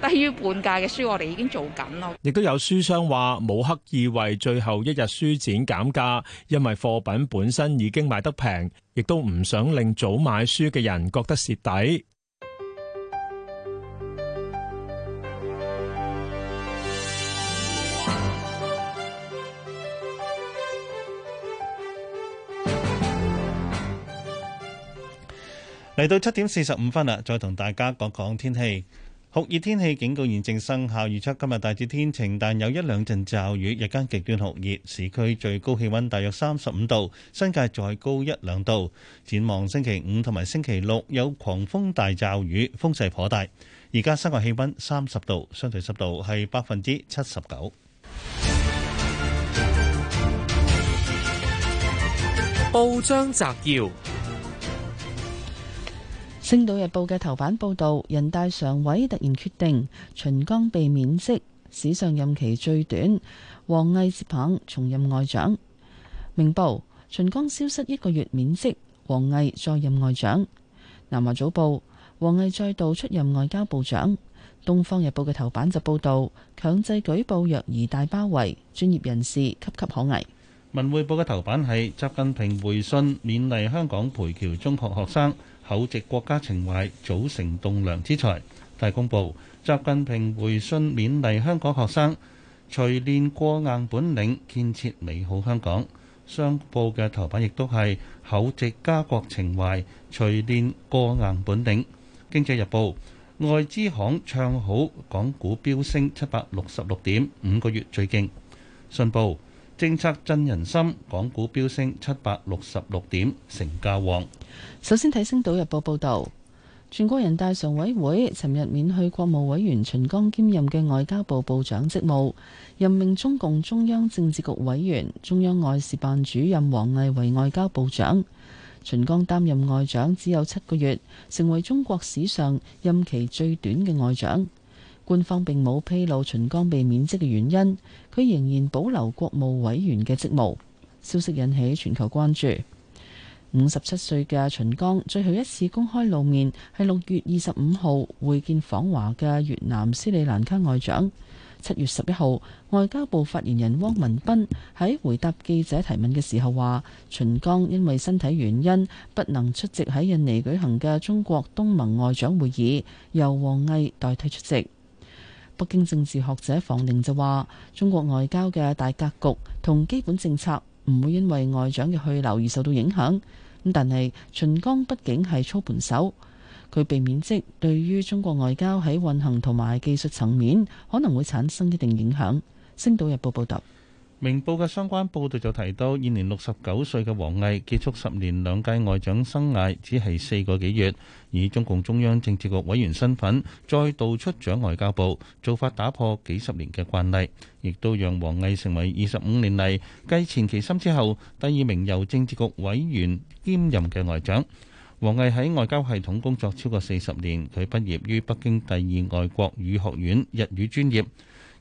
低於半價嘅書，我哋已經做緊咯。亦都有書商話冇刻意為最後一日書展減價，因為貨品本身已經賣得平，亦都唔想令早買書嘅人覺得蝕底。嚟到七點四十五分啦，再同大家講講天氣。酷熱天氣警告現正生效，預測今日大致天晴，但有一兩陣驟雨。日間極端酷熱，市區最高氣溫大約三十五度，新界再高一兩度。展望星期五同埋星期六有狂風大驟雨，風勢頗大。而家室外氣溫三十度，相對濕度係百分之七十九。報章摘要。《星島日報》嘅頭版報道，人大常委突然決定秦剛被免職，史上任期最短。王毅接棒重任外長。《明報》秦剛消失一個月免職，王毅再任外長。《南華早報》王毅再度出任外交部長。《東方日報》嘅頭版就報道強制舉報虐兒大包圍，專業人士岌岌可危。《文匯報》嘅頭版係習近平回信勉勵香港培僑中學學生，厚植國家情懷，組成棟梁之才。大公報習近平回信勉勵香港學生，錘煉過硬本領，建設美好香港。商報嘅頭版亦都係厚植家國情懷，錘煉過硬本領。經濟日報外資行唱好，港股飆升七百六十六點，五個月最勁。信報政策振人心，港股飆升七百六十六點，成交旺。首先睇《星島日報》報道，全國人大常委會尋日免去國務委員秦剛兼任嘅外交部部長職務，任命中共中央政治局委員、中央外事辦主任王毅為外交部長。秦剛擔任外長只有七個月，成為中國史上任期最短嘅外長。官方並冇披露秦剛被免職嘅原因，佢仍然保留國務委員嘅職務。消息引起全球關注。五十七歲嘅秦剛最後一次公開露面係六月二十五號會見訪華嘅越南斯里蘭卡外長。七月十一號，外交部發言人汪文斌喺回答記者提問嘅時候話：秦剛因為身體原因不能出席喺印尼舉行嘅中國東盟外長會議，由王毅代替出席。北京政治學者房寧就話：中國外交嘅大格局同基本政策。唔會因為外長嘅去留而受到影響，咁但係秦剛畢竟係操盤手，佢被免職對於中國外交喺運行同埋技術層面可能會產生一定影響。星島日報報道。明報嘅相關報導就提到，現年六十九歲嘅王毅結束十年兩屆外長生涯，只係四個幾月，以中共中央政治局委員身份再度出掌外交部，做法打破幾十年嘅慣例，亦都讓王毅成為二十五年嚟繼錢其琛之後第二名由政治局委員兼任嘅外長。王毅喺外交系統工作超過四十年，佢畢業於北京第二外國語學院日語專業。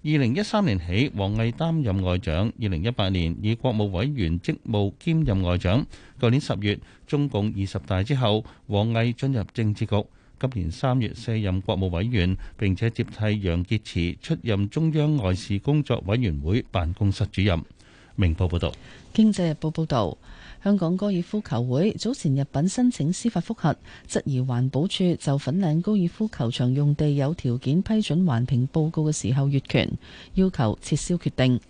二零一三年起，王毅擔任外長。二零一八年以國務委員職務兼任外長。去年十月中共二十大之後，王毅進入政治局。今年三月卸任國務委員，並且接替楊潔篪出任中央外事工作委員會辦公室主任。明報報道。《經濟日報》報道。香港高爾夫球會早前入禀申請司法覆核，質疑環保署就粉嶺高爾夫球場用地有條件批准環評報告嘅時候越權，要求撤銷決定。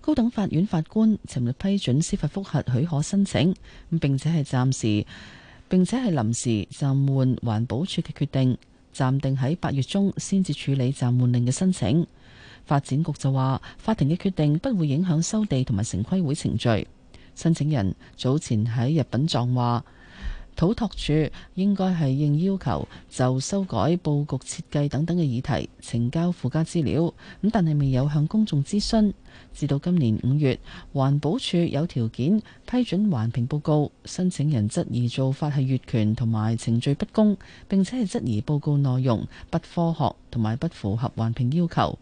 高等法院法官尋日批准司法覆核許可申請，咁並且係暫時並且係臨時暫緩環保署嘅決定，暫定喺八月中先至處理暫緩令嘅申請。發展局就話，法庭嘅決定不會影響收地同埋城規會程序。申請人早前喺入稟狀話，土拓署應該係應要求就修改佈局設計等等嘅議題，呈交附加資料。咁但係未有向公眾諮詢。至到今年五月，環保署有條件批准環評報告。申請人質疑做法係越權同埋程序不公，並且係質疑報告內容不科學同埋不符合環評要求。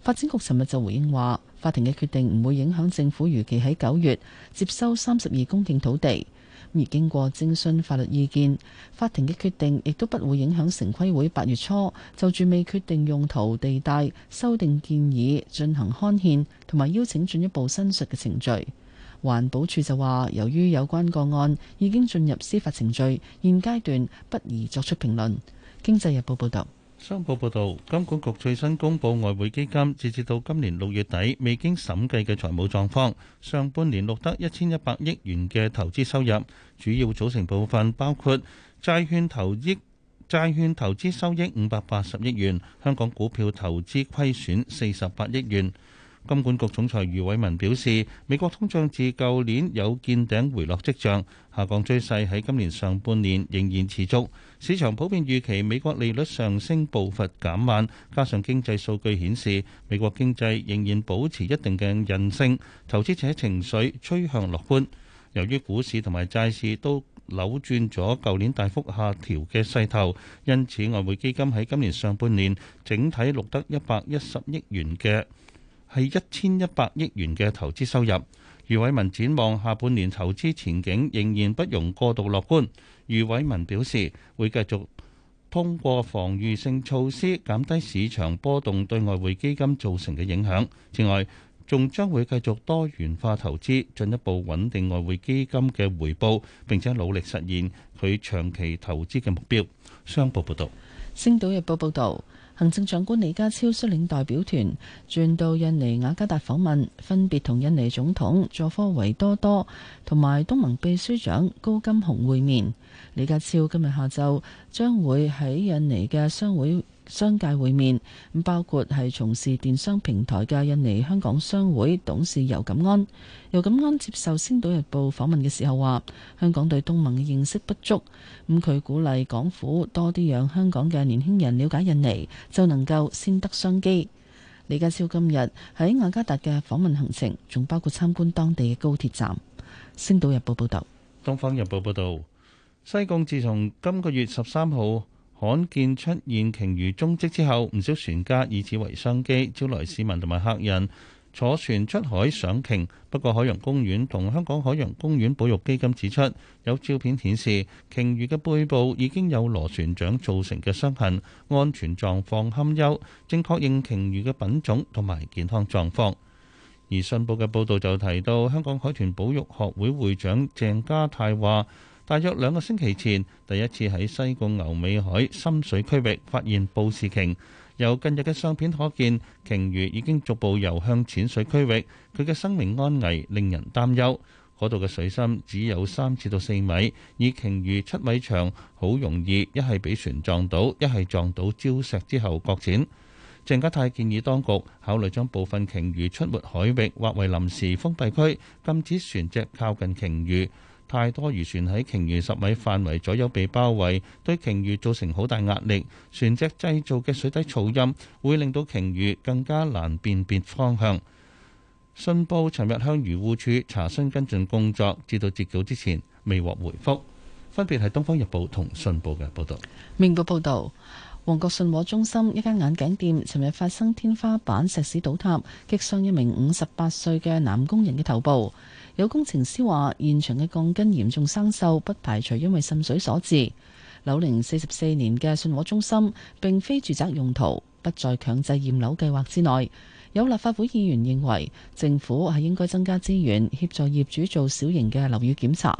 發展局尋日就回應話。法庭嘅決定唔會影響政府如期喺九月接收三十二公頃土地，而經過徵詢法律意見，法庭嘅決定亦都不會影響城規會八月初就住未決定用途地帶修訂建議進行刊憲同埋邀請進一步申述嘅程序。環保署就話，由於有關個案已經進入司法程序，現階段不宜作出評論。經濟日報報道。商報報道，金管局最新公佈外匯基金截至到今年六月底未經審計嘅財務狀況，上半年錄得一千一百億元嘅投資收入，主要組成部分包括債券投益、債券投資收益五百八十億元，香港股票投資虧損四十八億元。金管局總裁余偉文表示，美國通脹自舊年有見頂回落跡象，下降趨勢喺今年上半年仍然持續。市場普遍預期美國利率上升步伐減慢，加上經濟數據顯示美國經濟仍然保持一定嘅韌性，投資者情緒趨向樂觀。由於股市同埋債市都扭轉咗舊年大幅下調嘅勢頭，因此外匯基金喺今年上半年整體錄得一百一十億元嘅，係一千一百億元嘅投資收入。余偉文展望下半年投資前景仍然不容過度樂觀。余偉文表示，會繼續通過防禦性措施減低市場波動對外匯基金造成嘅影響。此外，仲將會繼續多元化投資，進一步穩定外匯基金嘅回報，並且努力實現佢長期投資嘅目標。商報報道，《星島日報》報道，行政長官李家超率領代表團轉到印尼雅加達訪問，分別同印尼總統佐科維多多同埋東盟秘書長高金洪會面。李家超今日下晝將會喺印尼嘅商會。商界會面，咁包括係從事電商平台嘅印尼香港商會董事尤錦安。尤錦安接受《星島日報》訪問嘅時候話：香港對東盟嘅認識不足，咁佢鼓勵港府多啲讓香港嘅年輕人了解印尼，就能夠先得商機。李家超今日喺雅加達嘅訪問行程，仲包括參觀當地嘅高鐵站。《星島日報》報道。《東方日報》報道，西貢自從今個月十三號罕見出現鯨魚蹤跡之後，唔少船家以此為商機，招來市民同埋客人坐船出海賞鯨。不過海洋公園同香港海洋公園保育基金指出，有照片顯示鯨魚嘅背部已經有螺旋槳造成嘅傷痕，安全狀況堪憂，正確認鯨魚嘅品種同埋健康狀況。而信報嘅報導就提到，香港海豚保育學會會，會長鄭家泰話，大約兩個星期前，第一次喺西貢牛尾海深水區域發現布氏鯨。由近日嘅相片可見，鯨魚已經逐步游向淺水區域，佢嘅生命安危令人擔憂。嗰度嘅水深只有三至到四米，而鯨魚七米長，好容易一係俾船撞到，一係撞到礁石之後擱淺。鄭家泰建議當局考慮將部分鯨魚出沒海域劃為臨時封閉區，禁止船隻靠近鯨魚。太多漁船喺鯨魚十米範圍左右被包圍，對鯨魚造成好大壓力。船隻製造嘅水底噪音會令到鯨魚更加難辨別方向。信報尋日向漁護署查詢跟進工作，至到截稿之前未獲回覆分別係東方日報同信報嘅報道。明報報道，旺角信和中心一間眼鏡店尋日發生天花板石屎倒塌，擊傷一名五十八歲嘅男工人嘅頭部。有工程師話：現場嘅鋼筋嚴重生鏽，不排除因為滲水所致。樓齡四十四年嘅信和中心並非住宅用途，不在強制驗樓計劃之內。有立法會議員認為政府係應該增加資源協助業主做小型嘅樓宇檢查。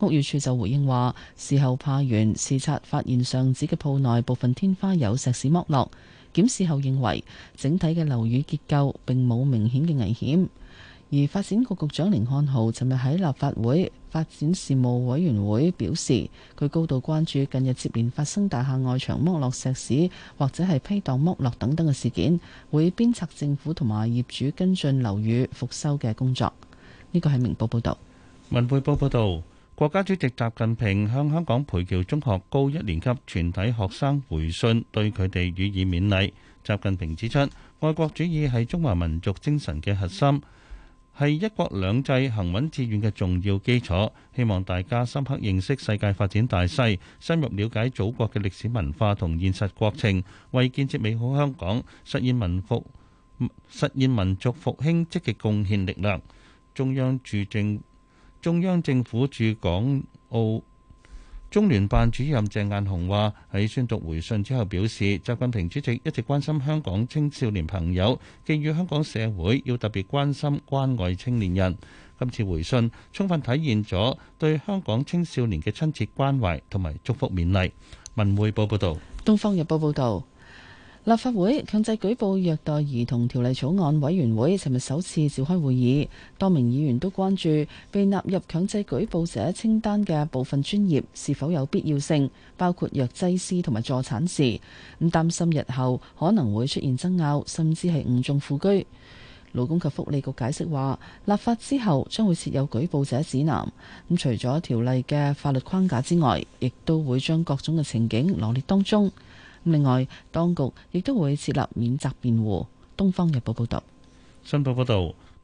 屋宇署就回應話：事後派員視察，發現上址嘅鋪內部分天花有石屎剝落，檢視後認為整體嘅樓宇結構並冇明顯嘅危險。而發展局局長甯漢豪尋日喺立法會發展事務委員會表示，佢高度關注近日接連發生大廈外牆剝落石屎或者係批盪剝落等等嘅事件，會鞭策政府同埋業主跟進樓宇復修嘅工作。呢個係明報報導。文匯報報導，國家主席習近平向香港培僑中學高一年級全體學生回信，對佢哋予以勉勵。習近平指出，愛國主義係中華民族精神嘅核心，係一國兩制行穩致遠嘅重要基礎，希望大家深刻認識世界發展大勢，深入了解祖國嘅歷史文化同現實國情，為建設美好香港、實現民復實現民族復興積極貢獻力量。中央駐政中央政府駐港澳中聯辦主任鄭雁雄話：喺宣讀回信之後，表示習近平主席一直關心香港青少年朋友，寄語香港社會要特別關心關愛青年人。今次回信充分體現咗對香港青少年嘅親切關懷同埋祝福勉勵。文匯報報道，東方日報報道。立法會強制舉報虐待兒童條例草案委員會尋日首次召開會議，多名議員都關注被納入強制舉報者清單嘅部分專業是否有必要性，包括藥劑師同埋助產士，咁擔心日後可能會出現爭拗，甚至係誤中副車。勞工及福利局解釋話，立法之後將會設有舉報者指南，咁除咗條例嘅法律框架之外，亦都會將各種嘅情景羅列當中。另外，當局亦都會設立免責辯護。《東方日報》報導，新報報道，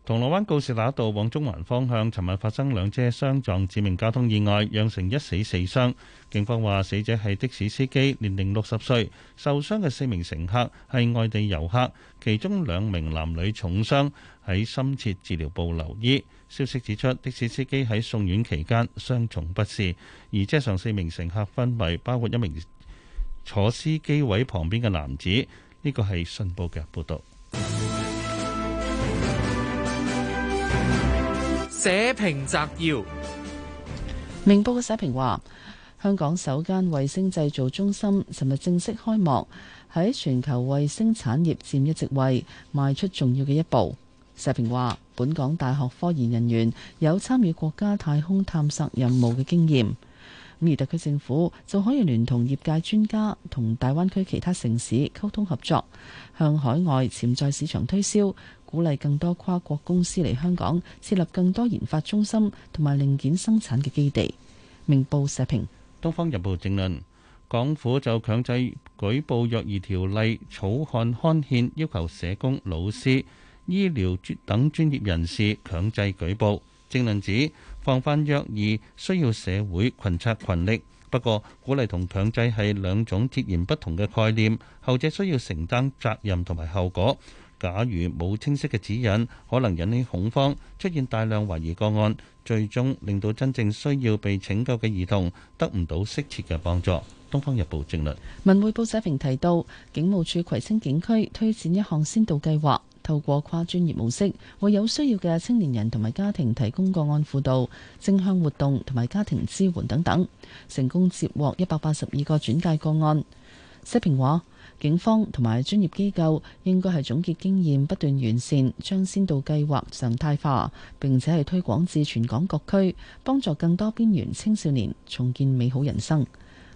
銅鑼灣告士打道往中環方向，尋日發生兩車相撞致命交通意外，釀成一死四傷。警方話，死者係的士司機，年齡六十歲；受傷嘅四名乘客係外地遊客，其中兩名男女重傷，喺深切治療部留醫。消息指出，的士司機喺送院期間傷重不治，而車上四名乘客分別包括一名坐司機位旁邊嘅男子，呢、這個係信報嘅報道。社評摘要：明報嘅社評話，香港首間衛星製造中心尋日正式開幕，喺全球衛星產業佔一席位，邁出重要嘅一步。社評話，本港大學科研人員有參與國家太空探索任務嘅經驗。咁而特區政府就可以聯同業界專家同大灣區其他城市溝通合作，向海外潛在市場推銷，鼓勵更多跨國公司嚟香港設立更多研發中心同埋零件生產嘅基地。明報社評，《東方日報》正論：港府就強制舉報虐兒條例草案刊憲，要求社工、老師、醫療等專業人士強制舉報。政論指防範虐兒需要社會群策群力，不過鼓勵同強制係兩種截然不同嘅概念，後者需要承擔責任同埋後果。假如冇清晰嘅指引，可能引起恐慌，出現大量懷疑個案，最終令到真正需要被拯救嘅兒童得唔到適切嘅幫助。《東方日報》政論文匯報社評提到，警務處葵青警區推展一項先導計劃。透過跨專業模式，為有需要嘅青年人同埋家庭提供個案輔導、正向活動同埋家庭支援等等，成功接獲一百八十二個轉介個案。社評話：警方同埋專業機構應該係總結經驗，不斷完善，將先導計劃常態化，並且係推廣至全港各區，幫助更多邊緣青少年重建美好人生。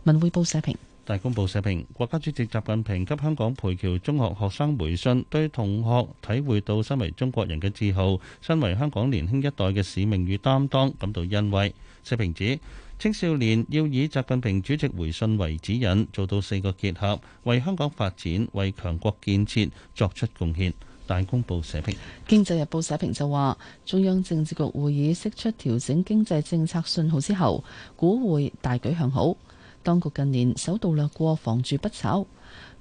文匯報社評。大公報社評：國家主席習近平給香港培僑中學學生回信，對同學體會到身為中國人嘅自豪，身為香港年輕一代嘅使命與擔當感到欣慰。社評指，青少年要以習近平主席回信為指引，做到四個結合，為香港發展、為強國建設作出貢獻。大公報社評，經濟日報社評就話，中央政治局會議釋出調整經濟政策信號之後，股會大舉向好。當局近年首度略過，房住不炒，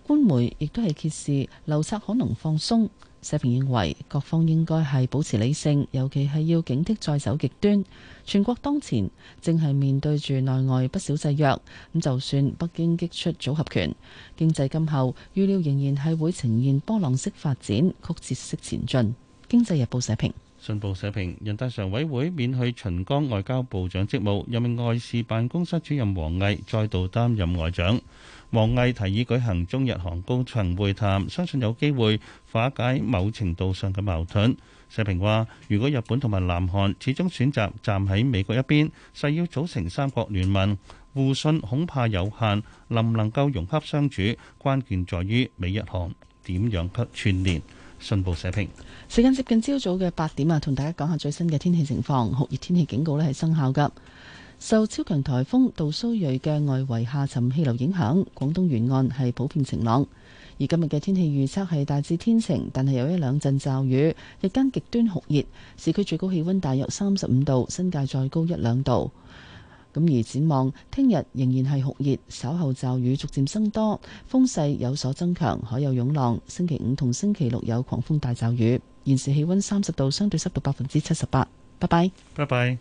官媒亦都係揭示樓策可能放鬆。社評認為各方應該係保持理性，尤其係要警惕再走極端。全國當前正係面對住內外不少制約，咁就算北京擊出組合拳，經濟今後預料仍然係會呈現波浪式發展，曲折式前進。經濟日報社評。信報社評，人大常委會免去秦剛外交部長職務，任命外事辦公室主任王毅再度擔任外長。王毅提議舉行中日韓高層會談，相信有機會化解某程度上嘅矛盾。社評話：如果日本同埋南韓始終選擇站喺美國一邊，誓要組成三國聯盟，互信恐怕有限。能唔能夠融洽相處，關鍵在於美日韓點樣給串聯。信報社評時間，接近朝早嘅八點啊，同大家講下最新嘅天氣情況，酷熱天氣警告呢係生效㗎。受超強颱風杜蘇芮嘅外圍下沉氣流影響，廣東沿岸係普遍晴朗。而今日嘅天氣預測係大致天晴，但係有一兩陣驟雨。日間極端酷熱，市區最高氣温大約三十五度，新界再高一兩度。咁而展望聽日仍然係酷熱，稍後驟雨逐漸增多，風勢有所增強，海有湧浪。星期五同星期六有狂風大驟雨。現時氣溫三十度，相對濕度百分之七十八。拜拜。拜拜。